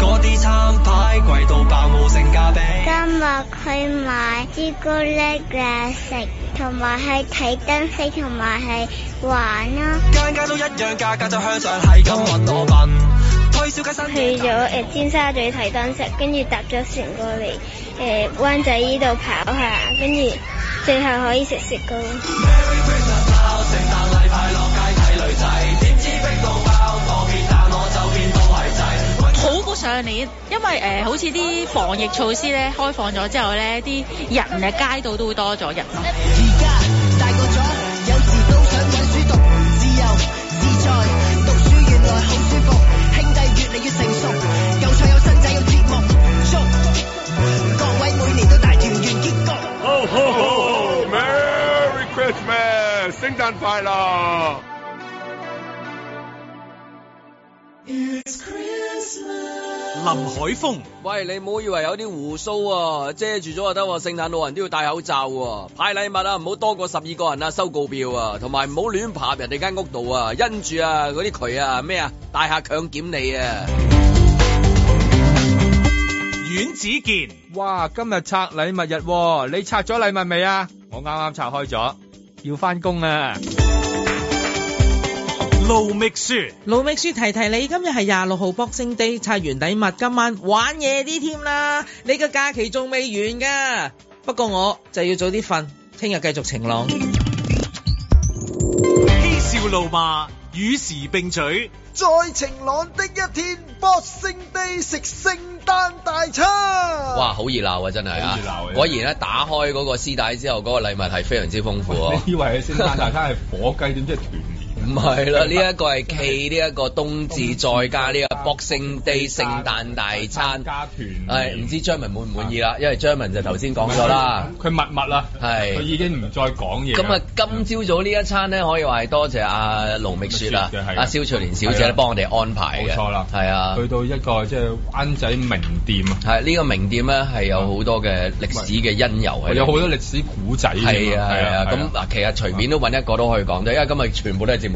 啲餐牌貴到爆，冇性價比。今日去買朱古力嘅食，同埋去睇燈飾，同埋去玩啊！間間都一樣，價格就向上，係咁揾我笨。去咗呃、尖沙咀睇燈飾，跟住搭咗船過嚟誒灣仔依度跑下，跟住最後可以食雪糕。好過上年，因為、呃、好似啲防疫措施咧開放咗之後咧，啲人嘅街道都會多咗人咯。Oh, oh, oh, oh. Merry Christmas！聖誕快樂 It's Christmas. 林海峰，喂，你唔好以為有啲鬍鬚啊，遮住咗就得。聖誕老人都要戴口罩㗎啊，派禮物啊，唔好多過十二個人啊，收告票啊，同埋唔好亂爬人哋間屋度啊，因住啊嗰啲渠啊，咩啊，大廈強檢你啊。阮子健，哇！今日拆禮物日，啊，你拆咗禮物未啊？我啱啱拆開咗，要翻工啊！盧覓雪，盧覓雪，提提你，今日係廿六號 Boxing Day，拆完禮物，今晚玩嘢啲添啦！你個假期仲未完噶不過我就要早啲瞓，聽日繼續晴朗。嬉笑怒罵。與時並取，在晴朗的一天，Boxing Day，食聖誕大餐。哇，好熱鬧啊，真係啊真！果然咧，打開嗰個絲帶之後，嗰、那個禮物係非常之豐富。你以為聖誕大餐係火雞，點知係團？唔係啦，呢一個係企呢一個冬至再加呢個 Boxing Day 聖誕大餐。家團係唔知張文滿唔滿意啦，因為張文就頭先講咗啦。佢默默啦，係佢已經唔再講嘢。咁啊，今朝早呢一餐咧，可以話係多謝阿盧蜜雪啊，阿蕭翠蓮小姐咧幫我哋安排嘅。冇錯啦，係啊，去到一個即係灣仔名店啊。係呢個名店咧係有好多嘅歷史嘅因由，係有好多歷史古仔。係啊係啊，咁嗱，其實隨便都揾一個都可以講啫，因為今日全部都係節目。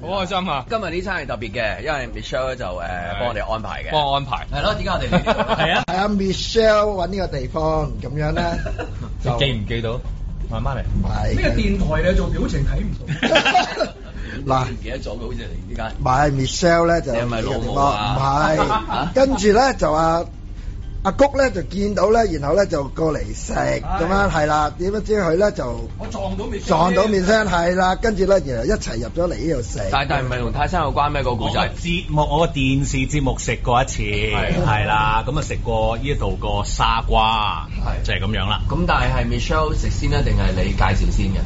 好開心啊！今日呢餐係特別嘅，因為 Michelle 就誒幫我哋安排嘅，幫我安排。係咯，點解我哋係啊？係 啊是的 ，Michelle 揾呢個地方咁樣咧，就 記唔記到？慢慢嚟。係。咩電台你做表情睇唔到？嗱， 唔 記得咗嘅好似而家。唔 係 Michelle 咧，就唔係攞唔係，是是 跟住咧就話。阿谷咧就見到咧，然後咧就過嚟食咁樣，係啦。點樣知佢咧就我撞到 Michelle 撞到 Michelle 係啦，跟住咧然後一齊入咗嚟呢度食。但但唔係同泰山有關咩個故仔？我節目我個電視節目食過一次，係啦，咁啊食過呢度個沙瓜，係就係、是、咁樣啦。咁但係係 Michelle 食先啦，定係你介紹先嘅？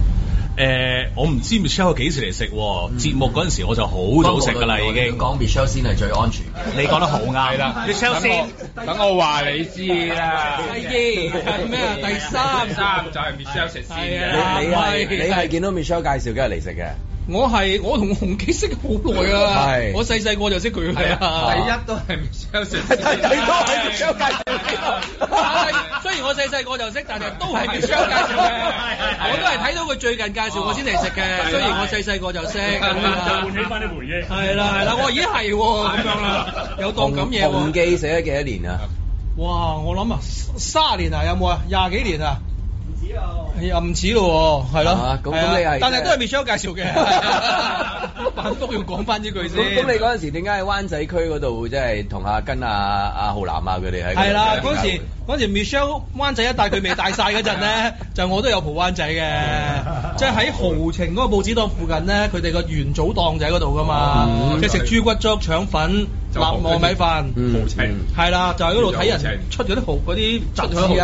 誒、呃，我唔知 Michelle 幾時嚟食喎。節、嗯、目嗰陣時，我就好早食噶啦，你已經。講 Michelle 先係最安全。你講得好啱。係啦，Michelle 先。等我話你知啦。第二、第二咩啊？第三三就係 Michelle 食先啦。你係你係見到 Michelle 介紹梗係嚟食嘅。我係我同洪記識好耐啊！我細細個就識佢啊，啊。第一都係 m u t 第第二都係 m u t，雖然我細細個就識，是啊，但係都係 m u t 我都係睇到佢最近介紹，啊、我先嚟食嘅。雖然，啊、我細細個就識，啊、就喚起翻啲回憶。係啦係啦，我咦係喎咁樣啦，啊，有當咁嘢喎。洪洪記死咗幾多年啊？哇！我諗啊，三十年啊有冇啊？廿幾年啊？又唔似咯，係咯，咁咁、啊、你但係都係 Michelle 介紹嘅，反 覆要講翻呢句先。咁你嗰陣時點解喺灣仔區嗰度即係同下跟阿阿浩南啊佢哋喺？係啦，嗰時嗰時 Michelle 灣仔一帶佢未帶晒嗰陣咧， 呢 就我都有蒲灣仔嘅，即係喺豪情嗰個報紙檔附近咧，佢哋個元祖檔仔嗰度噶嘛，即係食豬骨粥腸粉。糯米飯，豪情，係、嗯、啦，就喺嗰度睇人出咗啲豪嗰啲雜餸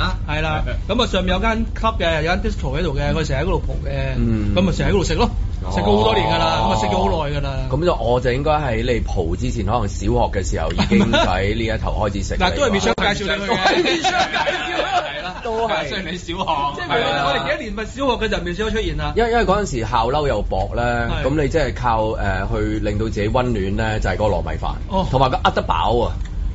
啊，係啦。咁啊，上面有間 club 嘅，有間 disco 喺度嘅，佢成日喺嗰度蒲嘅，咁啊成日喺嗰度食咯，食咗好多年噶啦，咁啊食咗好耐噶啦。咁就我就應該喺你蒲之前，可能小學嘅時候已經喺呢一頭開始食。但都係變相介紹介嘅。 是的 都係你、啊、小學，即係我哋而家連埋小學嘅就未少出現啦。因為因為嗰陣時候校褸又薄咧，咁你即係靠誒、呃、去令到自己溫暖咧，就係、是、個糯米飯，同埋佢呃得飽啊，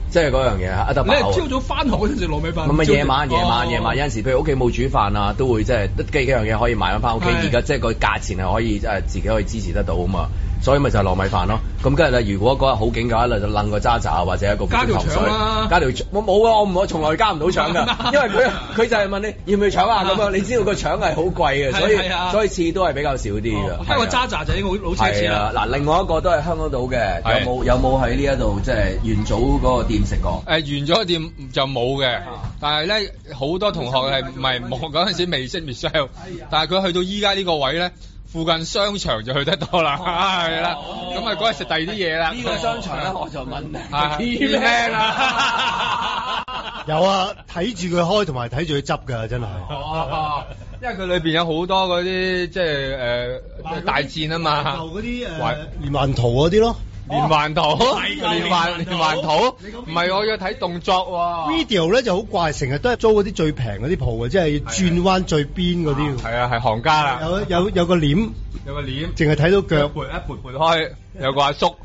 即係嗰樣嘢啊，呃得飽。朝早翻學嗰陣食糯米飯，咁係夜晚、夜晚、夜、哦、晚上有陣時，譬如屋企冇煮飯啊，都會即係得幾樣嘢可以買翻翻屋企。而家即係個價錢係可以即係、呃、自己可以支持得到啊嘛。所以咪就係糯米飯咯，啊。咁跟住咧，如果嗰日好景嘅話，就攬個渣渣或者一個水加一條腸、啊、加條腸我冇啊，我唔我從來加唔到腸嘅， 因為佢佢就係問你要唔要腸啊咁 樣。你知道個腸係好貴嘅， 所以， 所以所以次都係比較少啲嘅。加、哦、個渣渣就應該好老啦。嗱、啊啊，另外一個都係香港島嘅，有冇有冇喺呢一度即係元祖嗰個店食過？誒、呃，元祖店就冇嘅， 但係咧好多同學係唔係冇嗰陣時未識 Michelle，但係佢去到依家呢個位咧。附近商場就去得多啦，係、哦啊、啦。咁、這、啊、個，嗰日食第二啲嘢啦。呢、這個商場咧， 我就聞名，耳聽啦。啊啊啊 有啊，睇住佢開同埋睇住佢執㗎，真係、哦。因為佢裏邊有好多嗰啲即係誒、呃、大戰啊嘛，啲誒連環圖嗰啲咯。連環圖,、哦、圖，連環連環圖，唔係我要睇動作喎、啊。Video 咧就好怪，成日都係租嗰啲最平嗰啲鋪嘅，即係轉彎最邊嗰啲。係啊，係行家啦。有有有個簾，有個簾，淨係睇到腳，一撥撥開，有個阿叔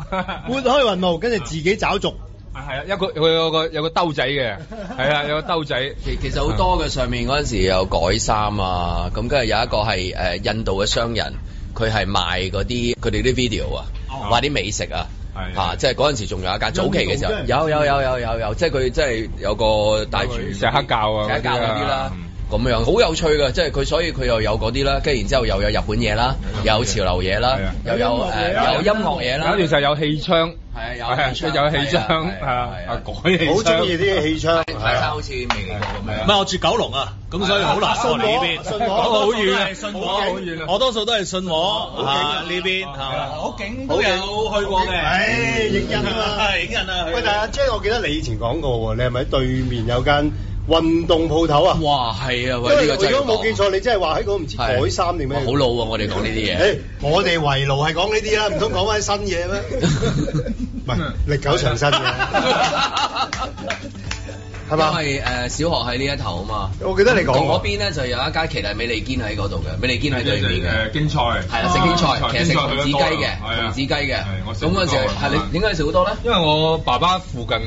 撥開雲霧，跟住自己找續。係啊，一個佢有個有個兜仔嘅，係啊，有個兜仔。其其實好多嘅上面嗰陣時有改衫啊，咁跟住有一個係誒 印度嘅商人，佢係賣嗰啲佢哋啲 video 啊。話啲美食啊，嚇、啊！即係嗰陣時仲有一間早期嘅時候，有有有有有有，有，有，有，有，即係佢即係有個帶住石黑教啊嗰啲啦，咁、啊、樣好有趣嘅，即係佢所以佢又有嗰啲啦，跟住然之後又有日本嘢啦、嗯，又有潮流嘢啦，又有誒有，有音樂嘢、呃、啦，跟住就有氣槍。係有出有氣槍係啊，啊，啊，啊，改氣好中意啲氣槍，睇、啊、好似未嚟咁樣。唔係、啊、我住九龍啊，咁所以好難信我呢邊，信我好遠信我好遠我多數都係信我啊呢、啊啊、邊好景好有去過嘅、啊嗯哎。影印啊，影印啊。喂、啊啊啊啊，但係阿 J，我記得你以前講過，你係咪喺對面有間運動鋪頭啊？哇，係啊，喂！因為如果冇記錯，你真係話喺嗰唔知，改衫定咩？好老啊！我哋講呢啲嘢。我哋圍爐係講呢啲啦，唔通講翻新嘢咩？唔係歷久常新嘅，係 嘛？因為、呃、小學喺呢一頭啊嘛。我記得你講嗰、嗯、邊咧就有一間其實美利堅喺嗰度嘅，美利堅喺對面嘅。就係、京菜係啊，食京、啊、京菜，其實食童子雞嘅，童、啊、子雞嘅。咁嗰陣時係、那個啊、你點解食好多咧？因為我爸爸附近誒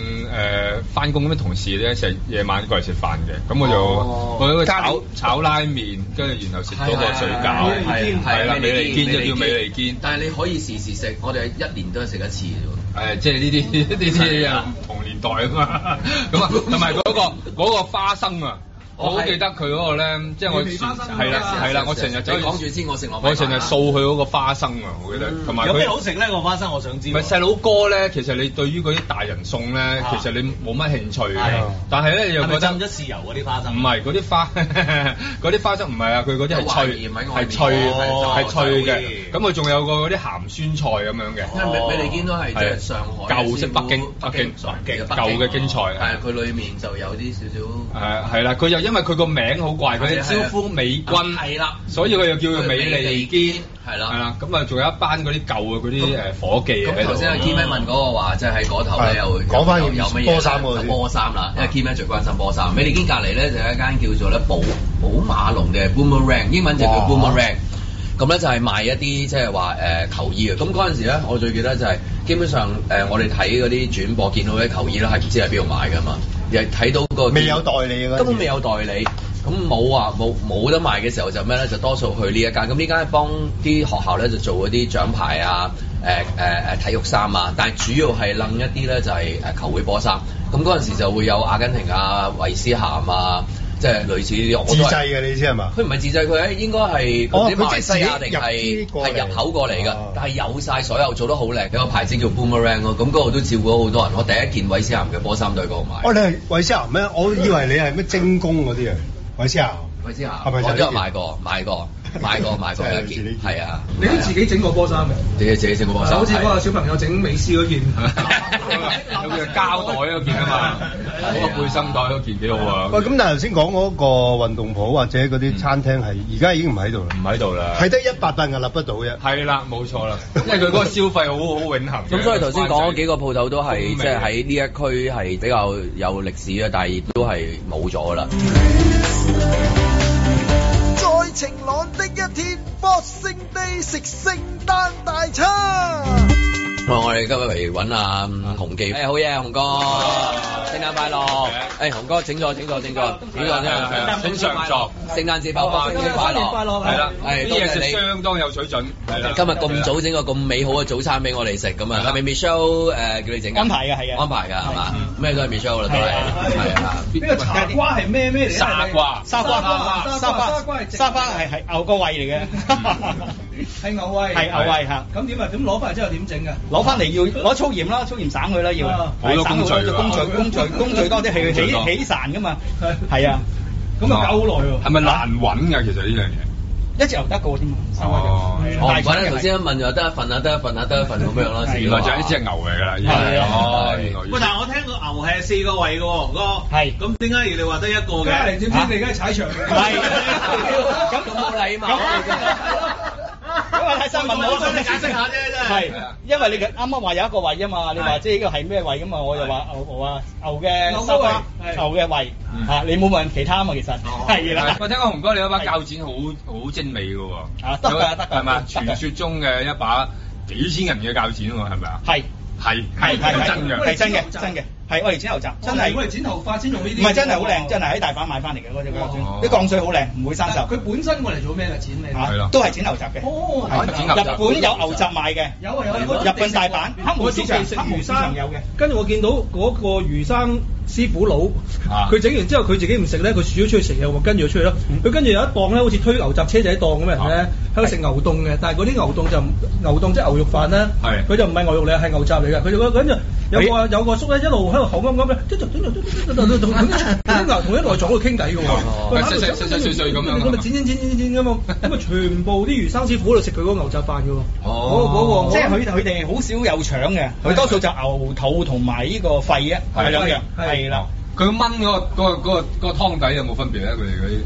翻工嗰啲同事咧，成夜晚過嚟食飯嘅，咁、哦、我就、哦、我去炒炒拉麵，跟住然後食多個水餃。係啦、啊啊，美利堅就叫、啊、美利堅。但係你可以時時食，我哋係一年都係食一次。誒、哎，即係呢啲呢啲啊，就是、同年代啊嘛，咁 啊、那個，同埋嗰個嗰個花生啊。我好記得佢嗰個咧，即係我係啦係啦，我成日就講住先，我食我成日掃佢嗰個花生啊、嗯，我記得同埋有咩好食咧？個花生我想知。唔係細佬哥咧，其實你對於嗰啲大人餸咧、啊，其實你冇乜興趣嘅、啊。但係咧，你又覺得浸咗豉油嗰啲花生？唔係嗰啲花嗰啲 花生唔係啊，佢嗰啲係脆係脆係、哦、脆嘅。咁佢仲有個嗰啲鹹酸菜咁樣嘅。俾、哦、你你見到係即係上海。舊式北京北京舊嘅京菜。但係佢裡面就有啲少少。係啦，佢又因為佢個名好怪，佢哋招呼美軍，嗯、所以佢又叫做美利堅，係、嗯、啦，係、嗯、啦，咁啊仲有一班嗰啲舊嘅嗰啲誒夥計咁頭先阿 Kimmy 問嗰個話，即係喺嗰頭咧又講返有乜嘢？波衫會波衫啦，因為 Kimmy 最關心波衫、嗯。美利堅隔離咧就有、是、一間叫做咧寶寶馬龍嘅 Boomerang，英文就叫 Boomerang。咁、嗯、咧就係賣一啲即係話誒球衣啊。咁嗰陣時咧，我最記得就係、是、基本上誒、呃、我哋睇嗰啲轉播見到啲球衣咧，係唔知喺邊度買㗎嘛。又睇到、那個未有代理嗰，根本未有代理，咁冇話冇冇得賣嘅時候就咩咧？就多數去呢一間，咁呢間幫啲學校咧就做嗰啲獎牌啊、誒誒誒體育衫啊，但係主要係撚一啲咧就係、是、球會波衫，咁嗰陣時就會有阿根廷啊、維斯咸啊。即係類似啲，我都自製嘅，你知係嘛？佢唔係自製，佢咧應該係嗰啲牌子啊，定係係入口過嚟㗎、哦。但係有晒所有，做得好靚。有個牌子叫 Boomerang 咯、啊，咁嗰個都照顧好多人。我第一件韋斯咸嘅波衫對喺嗰度買。哦，你係韋斯咸咩？我以為你係咩精工嗰啲啊？韋斯咸，韋斯咸，係咪？我都有買過，買過。買過買過一件、就係、啊！你都自己整個波衫嘅，自己自己整個波衫，好似嗰個小朋友整美斯嗰件，有咪、啊？嗰、啊啊、膠袋嗰件啊嘛，嗰個、啊、背心袋嗰件幾好啊！喂、啊，咁但係頭先講嗰個運動鋪或者嗰啲餐廳係而家已經唔喺度啦，唔喺度啦，係得一百八屹立不倒啫。係、嗯、啦，冇、啊、錯啦，因為佢嗰個消費好好永恆。咁所以頭先講嗰幾個鋪頭都係即係喺呢一區係比較有歷史嘅，但係亦都係冇咗啦。嗯嗯。在晴朗的一天，Boxing Day 食聖誕大餐。哦、我我哋今日嚟揾阿洪記。誒好嘢，洪哥、啊，聖誕快樂！誒洪、哎、哥請坐請坐請坐，請坐先啦，請上座。聖誕節包飯，新年快樂！係啦，誒多謝你，相當有水準。係啦，今日咁早整個咁美好嘅早餐俾我哋食，咁啊，係咪 Michelle 誒叫你整？安排㗎係嘅，安排㗎係嘛？咩都係 Michelle 啦，係啊係啊。呢個茶瓜係咩咩嚟？沙瓜，沙瓜沙瓜沙瓜，瓜係係牛個胃嚟嘅。係牛胃，係牛胃吓。咁點啊？咁攞翻嚟之後點整㗎？攞翻嚟要攞粗鹽啦，粗鹽省佢啦要。好、啊、多工序、啊，工序工序工序多啲，起起散噶嘛。係啊，咁啊就搞好耐喎。係咪難揾㗎、啊？其實呢樣嘢。一隻牛得過添。嘛，收、哦、尾。我頭先問又得、啊、一份，一份，一份啊，得一份啊，得一份咁樣咯。原來就係呢隻牛嚟㗎啦。原來。喂，但我聽個牛係四個胃㗎喎，哥、啊。係。咁點解你哋話得一個嘅？你知你而家踩場？係。咁咁好禮啊嘛！ 因為睇新聞問我，我想你解釋下啫， 因為你啱啱話有一個位啊嘛，你話即係呢個係咩位㗎嘛？我就話牛，我說牛，的牛的啊，牛嘅牛嘅位。你冇問其他啊嘛、嗯，其實。係、哦、啦。我聽講紅哥你嗰把鉸剪好好精美嘅喎。嚇、啊，得㗎，係嘛？傳説中嘅一把幾千銀嘅鉸剪喎，係咪啊？係係係係係真嘅真嘅。係用嚟剪牛雜，真係用嚟剪頭髮，剪用呢啲，唔係，真係好靚，真係喺大阪買翻嚟嘅嗰隻骨頭，啲降水好靚，唔會生鏽。佢本身用嚟做咩㗎？剪咩？嚇，都係剪牛雜嘅。哦，係、哦、日本有牛雜賣嘅、哦。有啊有啊，日本大阪、嗯嗯、黑門市場黑毛生有嘅。跟住我見到嗰個魚生師傅佬，佢、啊、整完之後佢自己唔食咧，佢鼠咗出去食嘢，我跟住出去咯。佢、嗯、跟住有一檔咧，好似推牛雜車仔檔咁嘅，喺度食牛凍嘅。但係嗰啲牛凍就牛凍即係牛肉飯啦，佢就唔係牛肉嚟，係牛雜嚟嘅。佢就嗰跟住有個有，一個有一個叔、叔一路喺度口噏噏，牛同一台坐喺度傾偈嘅，咁剪剪剪剪咁，全部啲魚生師傅喺度食佢牛雜飯嘅喎。即係佢哋好少有腸嘅，佢多數就牛肚同埋呢個肺啊，係兩樣。係啦，佢炆嗰個嗰個嗰個嗰個湯底有冇分別咧？佢哋嗰啲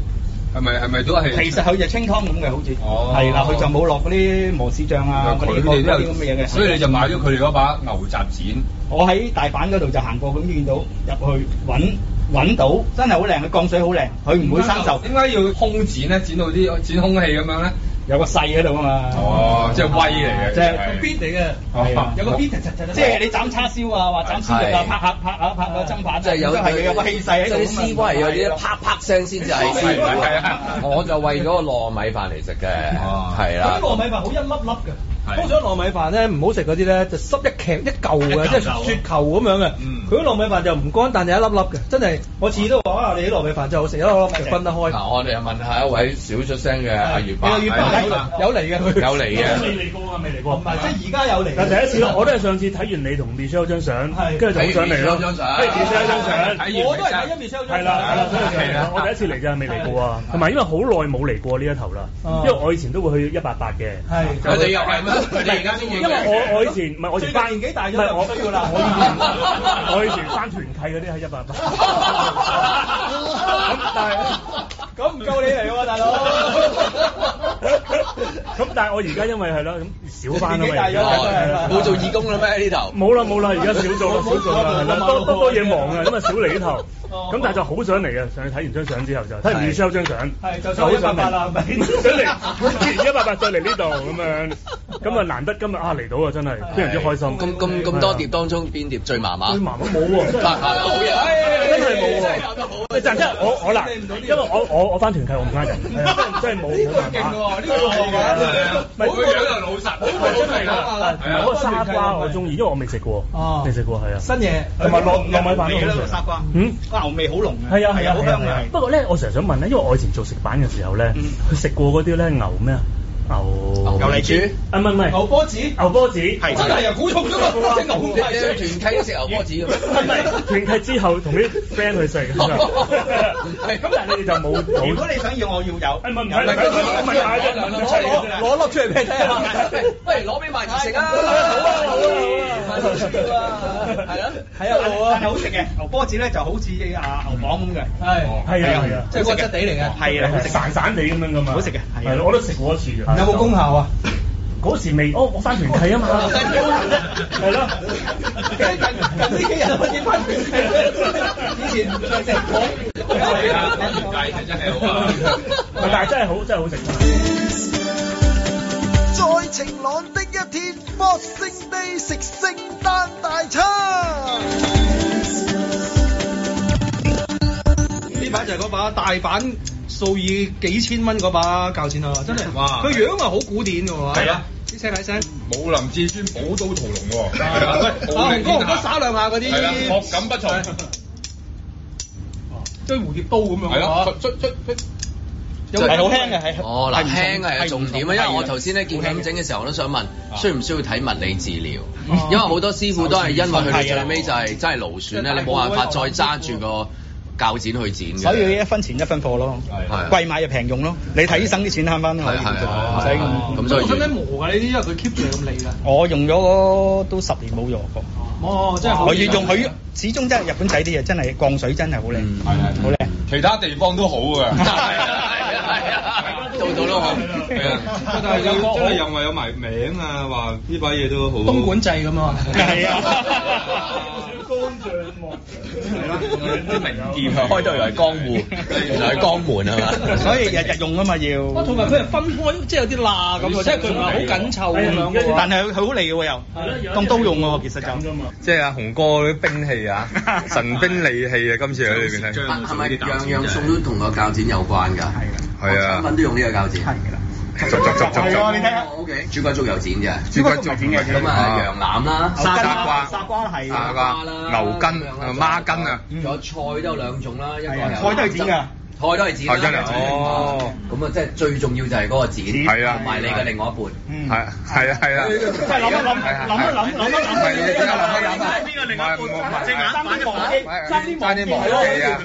係咪係咪都係？其實佢就清湯咁嘅，好似係啦，佢、哦、就冇落嗰啲磨豉醬啊，嗰啲嗰啲咁嘅嘢嘅。所以你就買咗佢哋嗰把牛雜剪。我喺大阪嗰度就行過咁見到，入去揾揾到，真係好靚，降水好靚，佢唔會生鏽。點解要空剪咧？剪到啲剪空氣咁樣咧？有個細喺度啊嘛。哦，即係威嚟嘅，啊，即係個邊嚟嘅，有個邊，啊，即係你斬叉燒啊，或斬燒肉啊，拍下拍，拍下拍個砧板，就係、是、有啲、嗯就是、有個氣勢喺度。啲絲瓜，有啲啪啪聲先至係絲。啊，我就為咗個糯米飯嚟食嘅，係、啊、啦，嗰個糯米飯好一粒粒嘅。嗯通常、啊、糯米飯咧唔好食嗰啲咧就濕一劇一嚿嘅，即係、就是、雪球咁樣嘅。佢、嗯、嗰糯米飯就唔乾，但係一粒粒嘅，真係我次次都講啊！你啲糯米飯最好食，一粒粒就分得開。嗱，我哋又問下一位少出聲嘅阿月爸。阿月爸有嚟嘅，有嚟嘅。咁嚟過㗎？未嚟過。唔係，是啊、即係而家有嚟。但第一次咯，我都係上次睇完你同 Michelle 張相，跟住、啊、就好想嚟咯。張相，跟住 Michelle 張相。我都係睇一 Michelle 張相。係 啦、啊，係啦，張相。我第一次嚟啫，未嚟過。同埋、啊、因為好耐冇嚟過呢一頭啦？因為我以前都會去一八八嘅。係、啊。你入嚟因為我我以前唔係，我以前年紀大咗，我都要啦。我以前我以前返 團契嗰啲係一百八。咁 但係咁唔夠你嚟喎、啊，大佬。咁 但係我而家因為係咯，咁少返啊嘛。冇做義工啦咩？呢 頭。冇啦冇啦，而家少做少做啦。多多嘢忙啊，咁啊少嚟呢頭。咁、哦、但係就好想嚟啊！上去睇完張相之後就，睇完 show 張相，就好一百八啦，係咪？想 嚟 100 了，一百八再嚟呢度咁樣，咁 啊這樣 難得今日啊嚟到啊，到真係、啊、非常之開心。咁咁咁多碟當中邊碟最麻麻？最麻麻冇喎，真係冇喎。真係講、啊、好、啊。真係我我嗱， 因為我我我返團契我唔翻，真係真係冇。呢個勁喎，呢個好嘅真係啊！唔係又老實，好個沙瓜我中意，因為我未食過，未食過係啊新嘢，同埋糯糯米飯沙嗯。味好濃，嘅，係啊係啊，好香啊，啊，啊，啊，啊，啊，啊，啊。不過咧，我成日想問咧，因為我以前做食板嘅時候咧，佢食過嗰啲咧牛咩啊？牛牛嚟煮啊！唔係唔係牛波子，牛波子係真係啊！古蟲都食牛波子嘅，團契食牛波子咁樣，係咪團契之後同啲 friend 去食。係咁，啊、但係你哋就冇。如果你想要，我要有。唔係唔係唔係，我攞攞粒出嚟俾你睇。不如攞俾埋你食啊！好啊好啊，好啊！燒啊！係咯，喺度啊！係好食嘅牛波子咧，就好似啊牛蒡咁嘅。係係啊係啊，即係質地嚟嘅，係啊，散散地咁樣噶嘛，好食嘅。係我都食過一次。有冇功效啊？嗰時未，哦、oh, 我翻團契啊嘛，係 咯是的， 近近呢幾日我點翻團契， 以前唔再食我係啊，翻團契真係好，但係真係好真係好食。在晴朗的一天，Boxing Day 食聖誕大餐。呢把就係嗰把大阪。數以幾千蚊嗰把較剪刀，真係哇！佢樣係好古典喎，係啊，啲聲睇聲，武林至尊寶刀屠龍喎，係啊，好 明顯、啊、下，嗰嗰耍兩下嗰啲，手感不錯，追蝴蝶刀咁樣、啊，係咯，追追追，又係好輕嘅係，哦，嗱輕係重點啊，因為我頭先見輕整嘅時候，我都想問，需唔需要睇物理治療？啊、因為好多師傅都係因為佢哋最尾就係真係勞損咧，你冇辦法再揸住個。鉸剪去剪嘅所以要一分錢一分貨咯。啊、貴買就平用咯。啊、你睇醫生啲錢慳翻咯，係係、啊。唔使咁，咁、啊啊啊、所以。使唔使磨噶呢啲？因為佢 keep 住咁嚟噶。我用咗都十年冇用過，哦，即係好。我要用佢，啊、始終真係日本仔啲嘢真係降水真係好靚。嗯，係好靚。其他地方都好㗎。係啊係啊，做 到咯。係啊，但係要真係又話有埋名啊，話呢把嘢都好。東莞製咁啊。係 啊對了。 對了 江上望，係咯啲名劍啊，開刀又係江戶，原來係江門啊嘛？所以日日用啊嘛要。啊，同埋佢係分開，即係有啲罅咁喎，即係佢唔係好緊湊咁樣。但係佢好利嘅喎又。係咯。當刀用嘅喎其實就。即係阿紅哥啲兵器啊，神兵利器啊！今次喺裏邊咧。係咪樣樣送都同個鉸剪有關㗎？係啊。係啊。產品都用呢個鉸剪。係㗎啦。你聽啊，豬骨粥有剪㗎，豬骨粥剪嘅，咁啊羊腩啦，沙瓜，啊、沙瓜係牛筋啊，孖筋啊，仲、啊、有菜都有兩種啦、嗯，一個是菜都係剪的菜都係剪哦，咁啊，即係最重要就係嗰個剪，同埋 你嘅另外一半，係係啊，真係啊，即係諗 一諗，諗一諗，諗一諗，唔係你諗一諗，邊個另外一半？正啲毛，係 啊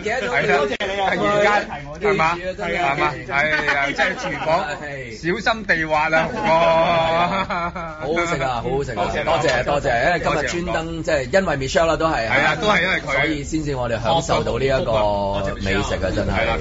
樂，多謝你啊，而家提我啲啊，係嘛，係啊，即係廚房，小心地滑啊，哇，好好食啊，好好食啊，多 謝多謝，因為，今日專登即係因為 Michelle 啦，都係係啊，都係因為佢，所以先至我哋享受到呢一個美食啊，真係。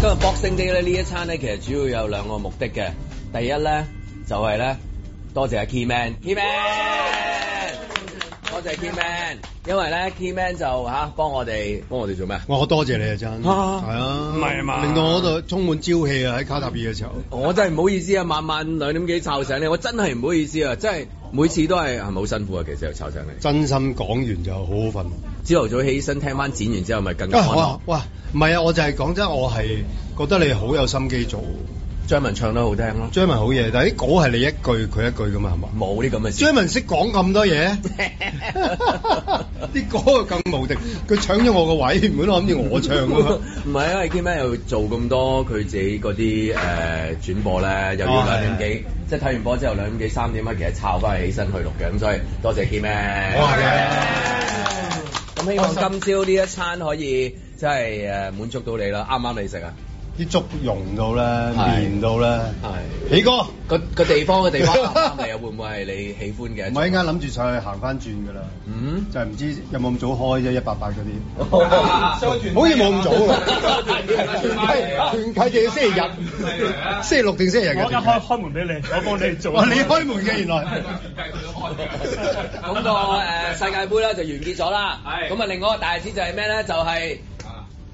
今日 Boxing Day 咧，呢一餐咧，其實主要有兩個目的嘅。第一咧，就係、是、咧、yeah.，多謝阿 Keyman，Keyman。多謝 Keyman，因為咧 Keyman 就嚇、啊、幫我哋幫我哋做咩？哇，好多謝、謝你啊，真係啊，唔係嘛，令到我嗰度充滿朝氣啊！喺卡塔爾嘅時候，我真係唔好意思啊，晚晚兩點幾吵醒你，我真係唔好意思啊，真係每次都係係好辛苦啊，其實又吵醒你，真心講完就好好瞓、啊。朝頭早起身聽翻剪完之後，咪更加好啊！哇，唔係啊，我就係講真，我係覺得你好有心機做。張文唱得好聽咯，張文好嘢，但係啲稿係你一句佢一句噶嘛，係嘛？冇啲咁嘅事。張文識講咁多嘢？啲歌咁無敵，佢搶咗我個位，原本諗住我唱喎。唔係啊，因為 Keyman 又做咁多佢自己嗰啲誒轉播咧，又要兩點幾，即係睇完波之後兩點幾三點啊，其實抄翻嚟起身去錄嘅，咁所以多謝 Keyman。好嘅。咁希望今朝呢一餐可以即係誒滿足到你啦，啱唔啱你食啊？啲粥融到咧，綿到咧，係喜哥個地方嘅地方嚟啊，不 會唔會係你喜歡嘅？我一陣間諗住上去行翻轉噶啦，嗯，就係、是、唔知有冇咁早開啫，一百八嗰啲，好似冇咁早㗎，係團契定星期日，星期六定星期日嘅。我而家開開門俾你，我幫你做 原來、 啊。你開門嘅原來。咁、 咁個誒、呃、世界盃咧就完結咗啦，係咁啊！另外一個大節就係咩咧？就係。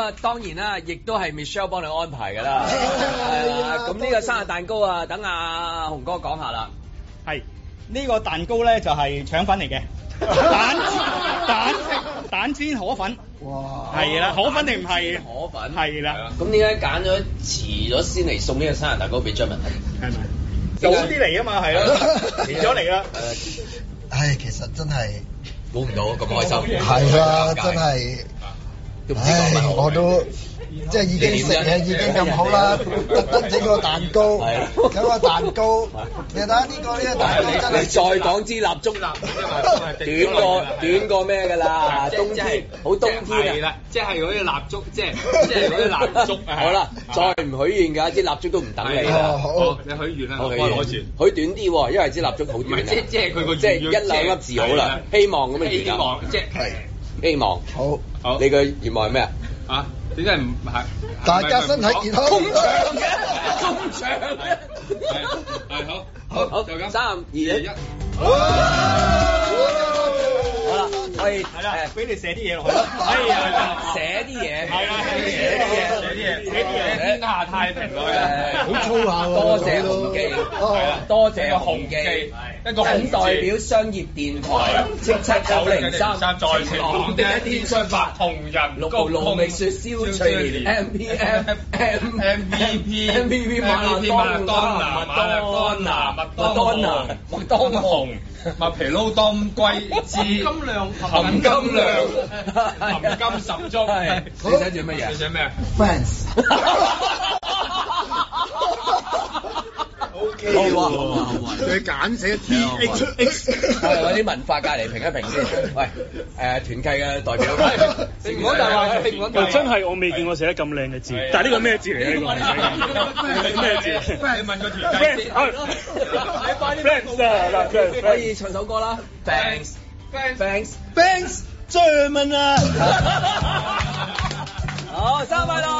啊，當然啦，亦都係 Michelle 幫你安排㗎啦，係啊。咁呢、啊啊、個生日蛋糕啊，等阿、啊、紅哥講下啦。係呢、呢個蛋糕咧，就係腸粉嚟嘅 蛋， 蛋蛋蛋煎河粉。哇！係啦，河粉定唔係？河粉係啦。咁點解揀咗遲咗先嚟送呢個生日蛋糕俾 Jammy 係咪？早啲嚟啊嘛，係咯，遲咗嚟啦。唉， 其實真係估唔到咁開心。係 啊，的的真係。啊、我，我都即係已經食已經咁好啦，特登整個蛋糕，整、啊這個這個蛋糕，你睇下呢個呢一個，你再講支蠟燭啦，短過、啊、短過咩㗎啦？冬天好、就是、冬天即係嗰啲蠟燭，即係即係嗰啲蠟燭。好啦，再唔許願嘅，支蠟燭都唔等你啦。你許願啦，我許許短啲，因為支蠟燭好短。即係一兩粒字好啦，希望咁嘅願。希望即係希望好。好，你個願望係咩啊？嚇，點解唔係？大家身體健康。中獎嘅，中獎嘅。係，係 好，好好，再講。三、二、一，好。係，係啦，俾你寫啲嘢落去。哎呀，寫啲嘢。係啊，寫啲嘢，寫啲嘢，寫啲嘢。天下太平，好粗下喎。多謝紅記，係啦，多謝紅記，一個很代表商業電台。九零三，九零三，在晴朗的一天出發，同人，六號羅密雪，蕭翠蓮，M P M M B P M B P，麥當娜，麥當娜，麥當娜，麥當娜，麥當紅。麥皮撈當歸，含金量含金量，含金十足。你想做乜嘢？你想咩？Friends。好好 K，佢揀寫 T、yeah, X X，、okay. 嗯、我哋揾啲文化界嚟評一評先。喂，誒、呃、團契嘅代表，唔好就話真係、啊、我未見過寫得咁靚嘅字，啊、但係呢、呢個咩字嚟？呢個咩字？咩字？問個字？快、啊、啲、啊啊啊啊啊，可以唱首歌啦。Thanks，thanks，thanks，German 啊！ 好，生日快樂。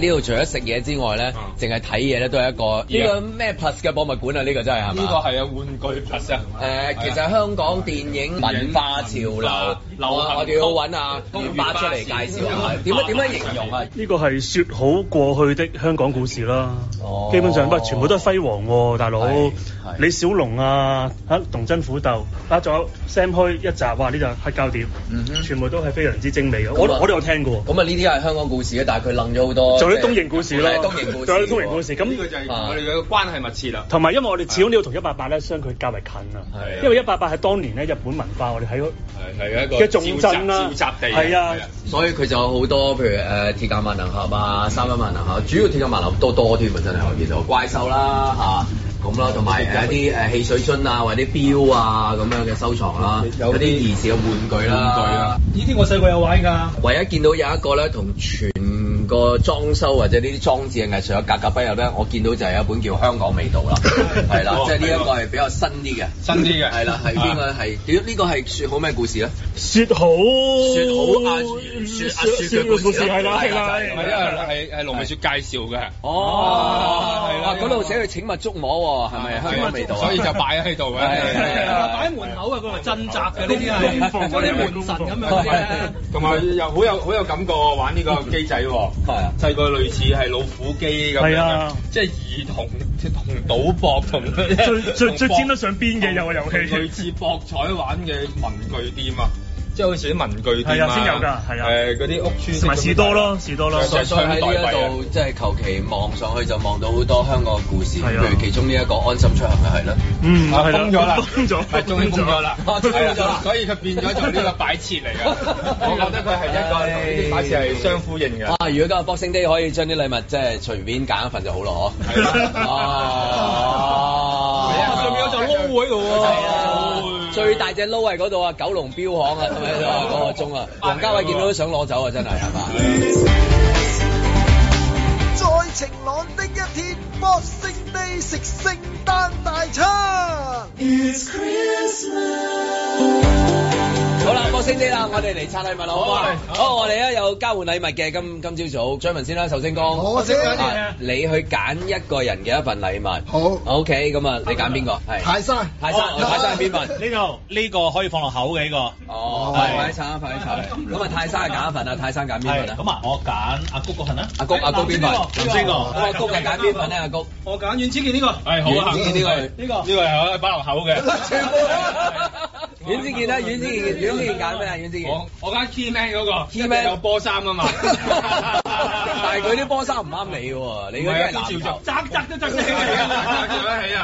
呢度除咗食嘢之外咧，淨係睇嘢咧都係一個呢、啊這個咩 plus 嘅博物館啊？呢、這個真係係嘛？呢、這個係啊玩具 plus 啊、呃？誒，其實是香港電影文化潮流流行，我哋好揾啊，要出嚟介紹。點樣點樣形容啊？呢、這個係說好過去的香港故事啦。基本上不，哦，全部都係輝煌喎，大佬李小龍啊，嚇同真虎鬥啊，仲有 Sam Hui 一集，哇呢就黑膠碟，嗯，全部都係非常之精美嘅。我我都有聽過。咁啊呢啲係香港故事咧，但係佢愣咗好多。就啲東瀛故事啦，東瀛故事，就，啊，啲東瀛故事。咁啊，一啊個就我哋嘅關係密切啦。同，啊，埋因為我哋始終呢度同一八八咧相距較為近啊，因為一八八係當年咧日本文化我哋喺，啊，一個嘅重鎮啦，召集地係啊，啊，啊，所以佢就有好多譬如誒，呃，鐵甲萬能俠啊、三一萬能俠、嗯，主要鐵甲萬能俠多多添啊真又見到怪獸啦吓咁啦，同、啊、埋有啲誒汽水樽啊，或者啲表啊咁樣嘅收藏啦、啊，有啲兒時嘅玩具啦。玩具啊，呢啲我細個有玩噶，唯一見到有一個咧，同全。個裝修或者呢啲裝置嘅藝術嘅格格不入咧，我見到就係一本叫《香港味道》啦，係 啦、哦，即係呢一個係比較新啲嘅，新啲嘅係啦，係 邊個係？呢、啊這個係說好咩故事說啊？說好說好阿說好嘅故事係啦，係啦，係係龍尾雪介紹嘅。哦，係、哦、啦，嗰度寫佢請勿觸摸，係咪香港味道？所以就擺喺度嘅，係擺喺門口啊！嗰個鎮宅嘅呢啲啊，嗰啲門神咁樣同埋又好有好有感覺玩呢個機仔喎。係啊，細個類似係老虎機咁樣，即係兒童同賭博同最最同最沾得上邊嘅有個遊戲，類似博彩玩嘅文具店啊。 即係好似啲文具店啊，先有啊，嗰啲、呃、屋邨，同士多咯，士、嗯、多咯，所以喺呢一度，即係求其望上去就望到好多香港嘅故事，譬如其中呢一個安心出行嘅係啦，嗯，咗、啊、啦，係仲係封咗啦，係啦、啊啊，所以佢變咗做呢個擺設嚟嘅， 我覺得佢係一個 擺設係相呼應嘅。哇、啊，如果今日 Boxing Day 可以將啲禮物即係隨便揀一份就好咯，哦，哇，上面有隻窿喺度喎。最大隻撈 o 位嗰度啊，九龍錶行 那那啊，咁樣就嗰個鐘啊，王家衛見到都想攞走啊，真係係嘛。 好啦，我升啲啦，我哋嚟拆禮物啦，好好，好？哦，我哋咧有交換禮物嘅，今今朝早張文先啦，壽星哥，好啊，你去揀一個人嘅一份禮物。好。O K，咁啊，你揀邊個？係泰山。泰山，泰山係邊份？呢個呢個可以放落口嘅呢個。哦，泰山，泰山。咁啊、這個這個哦，泰山係揀一,一,一,一,一份啊，泰山揀邊份啊？咁啊，我揀阿谷個份啊。阿谷，阿谷邊份？唔知喎。阿谷嘅揀邊份咧？阿谷，我揀阮之健呢個。係，好啊。阮之健呢個，呢個呢個係可以擺落口嘅。阮之健啊，阮之健，揀我我間 Key Man 嗰、那個 Key Man 有波衫啊嘛， 但係佢啲波衫唔啱你喎、啊 啊，你嗰件潮族，扎紮 都紮起啊，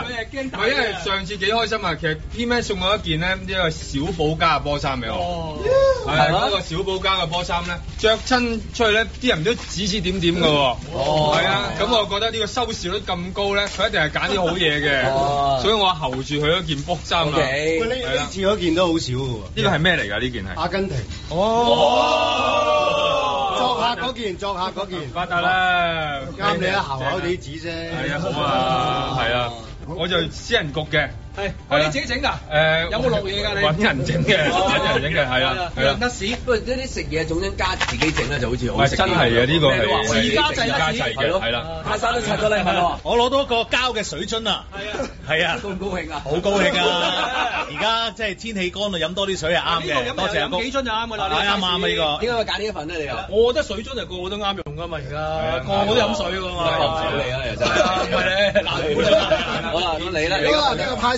佢係因為上次幾開心啊，其實 Key Man 送我一件呢，呢、這個小寶家嘅波衫俾我，係、哦、嗰、啊啊那個小寶家嘅波衫咧，著親出去咧，啲人都指指點點嘅喎、哦，係、哦、啊，咁、啊啊、我覺得呢個收視率咁高咧，佢一定係揀啲好嘢嘅， 所以我候住佢一件波衫、okay、啊，次嗰件都好少嘅喎，呢個係咩嚟？ 而家呢件係阿根廷哦，作客嗰件，作客嗰件，發達啦，啱你一猴猴啊，姣姣哋子啫，係啊，好啊，係啊，啊，我就私人局嘅。係，係你自己整噶？誒、啊呃、有冇落嘢㗎？你揾人整嘅，揾 人整嘅，係啊，係啊。啊得屎，不過呢啲食嘢總之加自己整咧就好似好食真係啊，呢、這個係自,自家製得屎，係係啦。泰山，都拆咗你我攞到一個膠嘅水樽啊！係啊，係啊,啊,啊，高唔高興啊？好高興啊！而家即係天氣乾啊，飲多啲水係啱嘅。多謝阿哥，幾樽就啱啱啱啊呢個，點解會揀呢一份咧？你啊，我覺得水樽就、這個個都啱用㗎嘛，而家個個都飲水㗎嘛。你啊。又真係。唔係你，好啦，你咧。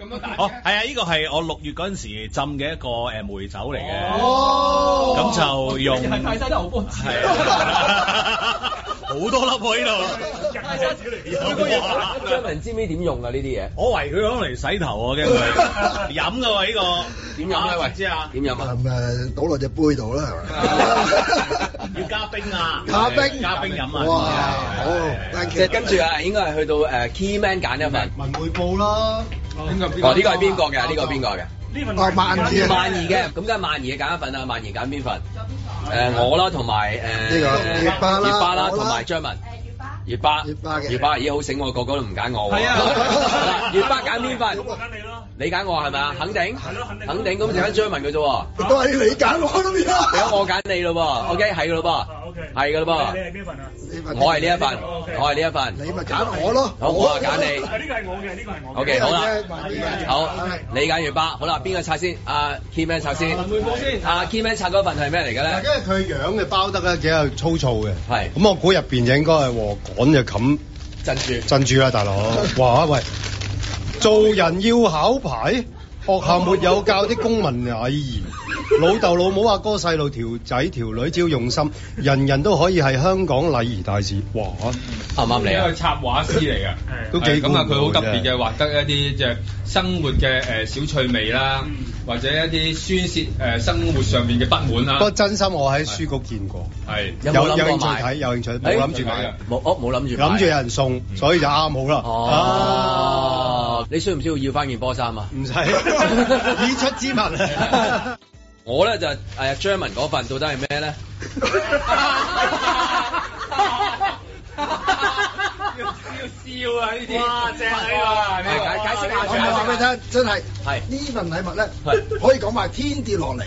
咁多哦，係啊，呢個係我六月嗰陣時浸嘅一個誒梅酒嚟嘅，哦，咁、哦、就用係太細得好多粒喎喺度，將知唔知咩點用啊呢啲嘢？我為佢攞嚟洗頭 啊，驚佢飲嘅喎呢個，點飲啊？為之啊？點飲啊？誒，倒落隻杯度啦， 要加冰啊！加冰，加冰飲啊！哇，嗯、好！即係跟住啊，應該係去到誒 Key Man 揀一份文匯報啦。哦，呢個係邊個嘅？呢個邊個嘅？呢份哦萬兒萬兒嘅，咁梗係萬兒嘅揀一份，份誰誰啊，萬兒揀邊份？我啦，同埋呢個月巴，月巴啦，月花啦，同埋張文。誒月花。月花巴已嘅好醒喎，個個都唔揀我。係啊。月巴揀邊、欸、 份？嗯、我揀你咯。你揀我係咪啊？肯定。係咯， 肯定。肯定咁就翻張文佢啫喎。都係你揀咯，我你揀我揀你咯喎。 OK，係咯噃。嗯係噶啦噃，你係邊份啊？我係呢一份，我係呢一份，你咪揀我咯，哦 okay okay。好，我話揀你。呢個係我嘅，呢個係我嘅。O K，好啦，好，你揀完巴，好啦，邊個拆先？阿 k i m a n 拆先。阿 k i m a n 拆嗰份係咩嚟嘅咧？因為佢樣嘅包得咧幾有粗糙嘅，係。咁我估入面就應該係禾稈就冚珍，珍珠，珍珠啦，大佬。 哇！喂，做人要考牌。學校沒有教啲公民禮儀， 老豆老母阿哥、細路、條仔、條女只要用心，人人都可以係香港禮儀大使。哇！啱唔啱你？佢、啊、插畫師嚟嘅， 都幾咁啊！佢、哎、好特別嘅，畫得一啲即係生活嘅誒、呃、小趣味啦。嗯或者一啲宣泄誒生活上面嘅不滿啊。不過真心我喺書局見過，係有有興趣睇，有興趣冇諗住買嘅，冇冇諗住。諗住有人送，嗯、所以就啱好啦。哦、啊啊，你需唔需要要翻件波衫啊？唔使， 以出之物。 我咧就係啊，張文嗰份到底係咩咧？ 要啊呢啲，哇正啊呢個，係咪？解釋、啊、解釋下先。我講俾你聽，真係，係呢份禮物咧，係可以講埋天跌落嚟，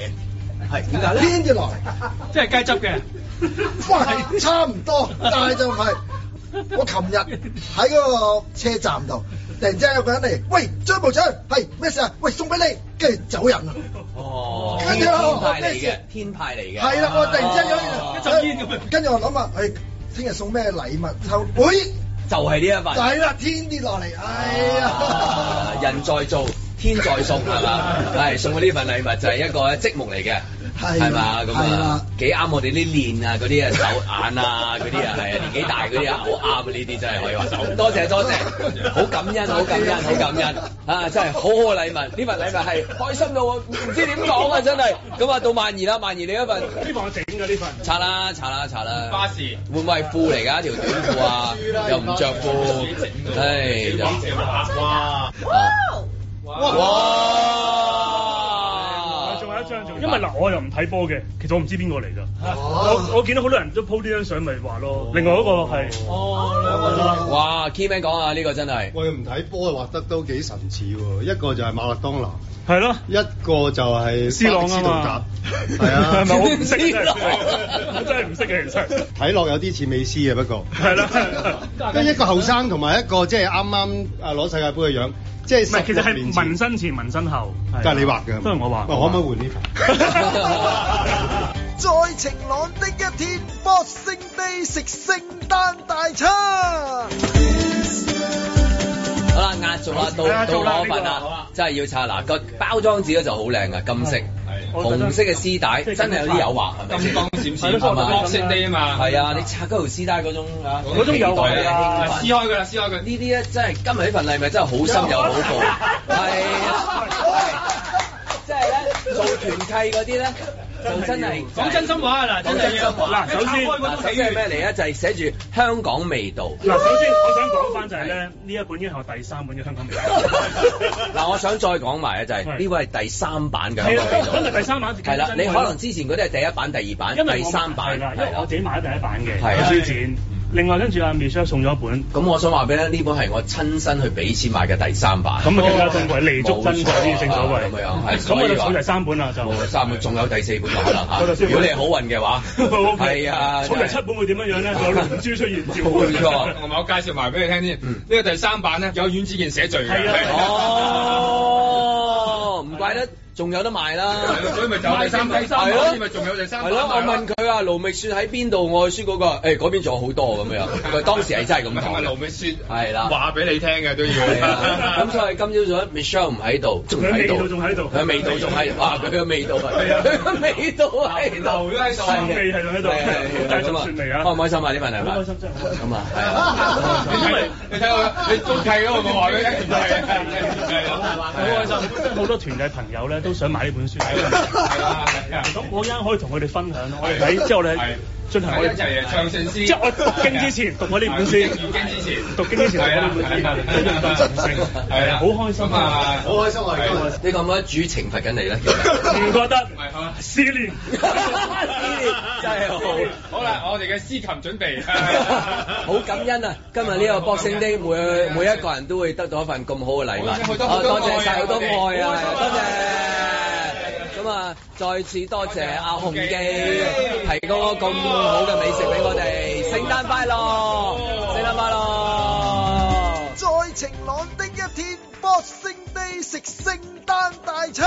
係點解咧？天跌落嚟，即係雞汁嘅。哇，差唔多， 但係就係我琴日喺嗰個車站度，突然之間有個人嚟，喂張無昌，係咩事啊？喂送俾你，跟住走人啦。哦。跟住咩事？天派嚟嘅。天派嚟嘅。係啦，我突然之間有個跟住我諗下，係聽日送咩禮物好？喂！就係、是、呢一份，係、就、啦、是啊，天跌落嚟，哎呀、啊，人在做，天在送，係 嘛？係送嘅呢份禮物就係一個積木嚟嘅。係係嘛，咁啊，幾啱我哋啲練啊，嗰啲啊手眼啊，嗰啲啊係年紀大嗰啲啊好啱啊！呢啲真係可以話手。多謝多謝，好感恩好感恩好感恩啊！真係好好禮物，呢份禮物係開心到我唔知點講啊！真係咁啊，到萬儀啦，萬儀你一份，我希望整咗呢份拆啦拆啦拆啦，巴士會唔會褲嚟㗎，條短褲啊，又唔著褲，唉就哇哇。啊因為嗱，我又唔睇波嘅，其實我唔知邊個嚟㗎。Oh. 我我見到好多人都 po 呢張相，咪畫咯。另外一個係，哇，Kimi 講啊，呢、呢個真係我又唔睇波，畫得都幾神似喎。一個就係馬勒當拿，係咯，一個就係 C 朗啊嘛，係啊，唔 咪？我唔識 C 朗我真係唔識嘅。其實睇落 有啲似美斯嘅，不過係啦， 跟一個後生同埋一個即係啱啱啊攞世界盃嘅樣。即係其實係民生前，民生後，都係你畫嘅，不係我畫。喂，我畫可唔可以換呢餐？ 再情好啦，壓軸啦，到到我份啦、啊這個，真係要拆嗱個包裝紙咧就好靚噶，金色，紅色嘅絲帶，真係有啲誘惑，係咪？金光閃閃光啊，鑽石地啊嘛，係啊，你拆嗰條絲帶嗰種嗰種有袋啊，撕開佢啦，撕開佢，呢啲咧真係今日呢份禮物真係好心有好報，係 是的，即係呢，做團契嗰啲呢。就真係講真心話啊！嗱，真係嗱，首先寫住咩嚟啊？就係、是、寫住香港味道。嗱，首先我想講翻就係、是、咧，呢一本已經係我第三本嘅香港味道。嗱， 我想再講埋嘅就係呢位係第三版嘅香港味道。係啊，真係第三版。係啦，你可能之前嗰啲係第一版、第二版、第三版。啦，因為我自己買咗第一版嘅，我燒錢。另外跟住阿 Michelle 送咗一本，咁我想話俾你咧，呢本係我親身去俾錢買嘅第三版，咁更加珍貴，彌足珍貴啲，正所謂咁樣係。咁我哋搶第三本啦、哦就，啊、就，就，第三本仲有第四本可、啊、如果你係好運嘅話，係 啊，搶第七本會點樣樣咧？有龍珠出現，冇錯，同埋我介紹埋俾你聽先，呢個第三版咧有阮子健寫序哦，唔怪得。仲有得賣啦、 那個欸嗯，所以咪就係三新衫咯，咪仲有咯。我問佢啊，盧覓雪喺邊度？我去書嗰個嗰邊仲有好多咁樣。當時係真係咁講。盧覓雪係啦，話俾你聽嘅都要。咁所以今朝早 Michelle 唔喺度，仲喺度，仲喺度。佢味道仲喺度、啊。佢、啊、嘅味道啊，佢、啊、嘅味道啊，味道喺度，味係度喺度。係係係，酸開唔開心啊？呢份禮物開心真係。咁啊，係。你睇下，你中契嗰個話好開心。好多團契朋友咧都想買呢本書 啊。咁、啊啊啊啊、我一陣間可以同佢哋分享咯。 我哋睇、啊、之後咧。進行我一齊嘅唱聖詩，即係我讀經之前，讀我呢本書。讀經之前，讀經之前我呢本書，真係好好開心啊，好開心啊！好嗯、你覺唔覺得主懲罰緊你咧？唔覺得，思念，思念真係好。好啦，我哋嘅司琴準備，好感恩啊！今日呢個 Boxing Day 每每一個人都會得到一份咁好嘅禮物。哦，多謝曬好多愛啊！多謝。咁啊！再次多謝阿、啊、洪記提供咁好嘅美食俾我哋，聖誕快樂，聖誕快樂！在晴朗的一天，Boxing Day 食聖誕大餐。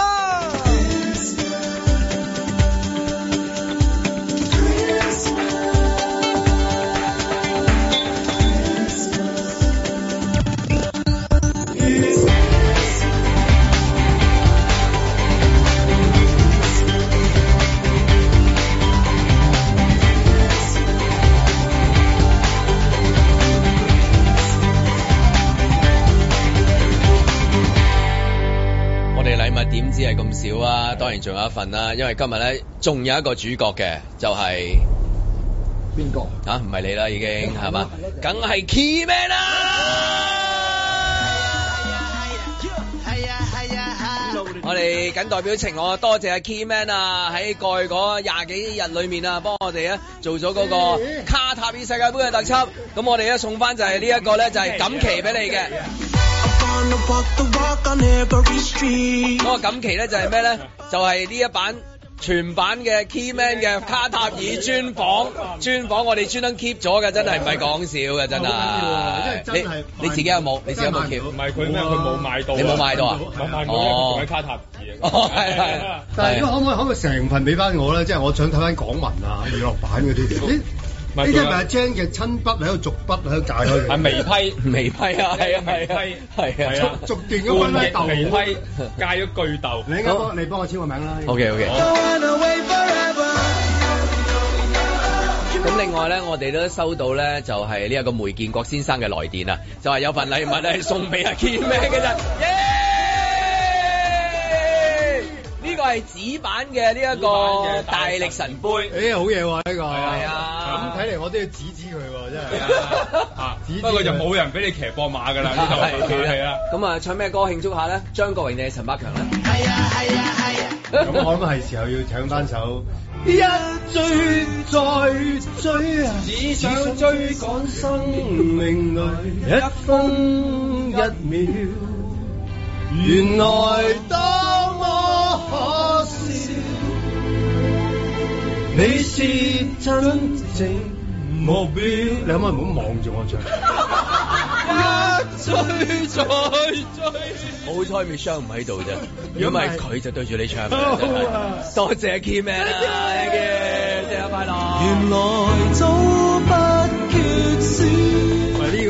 只係咁少啊，當然仲有一份啦、啊，因為今日咧仲有一個主角嘅，就係邊個啊？唔係你啦，已經係嘛？梗係 Keyman 啦！是我哋緊代表情，我多謝阿 Key Man 啊，喺過去嗰廿幾日裏面啊，幫我哋咧做咗嗰個卡塔爾世界杯嘅特輯。咁我哋咧送翻就係呢一個咧，就係、是、錦旗俾你嘅。嗰、yeah, yeah, yeah. 個錦旗咧就係咩咧？就係、是、呢一版。全版嘅 Keyman 嘅卡塔爾專訪，專訪，訪我哋專登 keep 咗嘅，真係唔係講笑嘅，真係。你你自己有冇？你自己有冇？keep？唔係佢咩？佢冇買到。你冇買到，、啊、到啊？買到啊買到啊啊買到卡哦。哦、啊，係係、啊啊啊啊啊。但係可唔可以可唔可以成份俾翻我咧？即、就、係、是、我想睇翻港聞啊、娛樂版嗰啲嘅。 呢啲咪阿 Jen 嘅親筆喺度續筆喺度解開。係未批未批啊，係啊未批，係啊續續斷咗未批豆，未批戒咗巨豆，你而家幫你幫我簽個名啦。OK OK。咁另外咧，我哋都收到咧，就係呢一個梅建國先生嘅來電啊，就話有份禮物係送俾阿 Ken 咩嘅啫。都係紙版嘅呢一個大力神杯，哎、欸這個、好嘢喎呢個，咁睇嚟我都要指指佢，真係，指 不過就冇人俾你騎膊馬㗎啦呢度，係 啦是 對。咁 啊唱咩歌慶祝一下咧？張國榮定係陳百強咧？係啊係啊係啊，咁、哎哎、 我諗係時候要唱翻首 一追再追，只想追趕生命裏一分一秒，原來多。多麼可笑！你是真正無比。你可唔可以唔好望住我唱。一、 啊、追，再追，好彩，Michelle 唔喺度啫。如果唔係，佢就對住你唱, 你唱。 多謝 Key，生、啊、日快樂。原 來早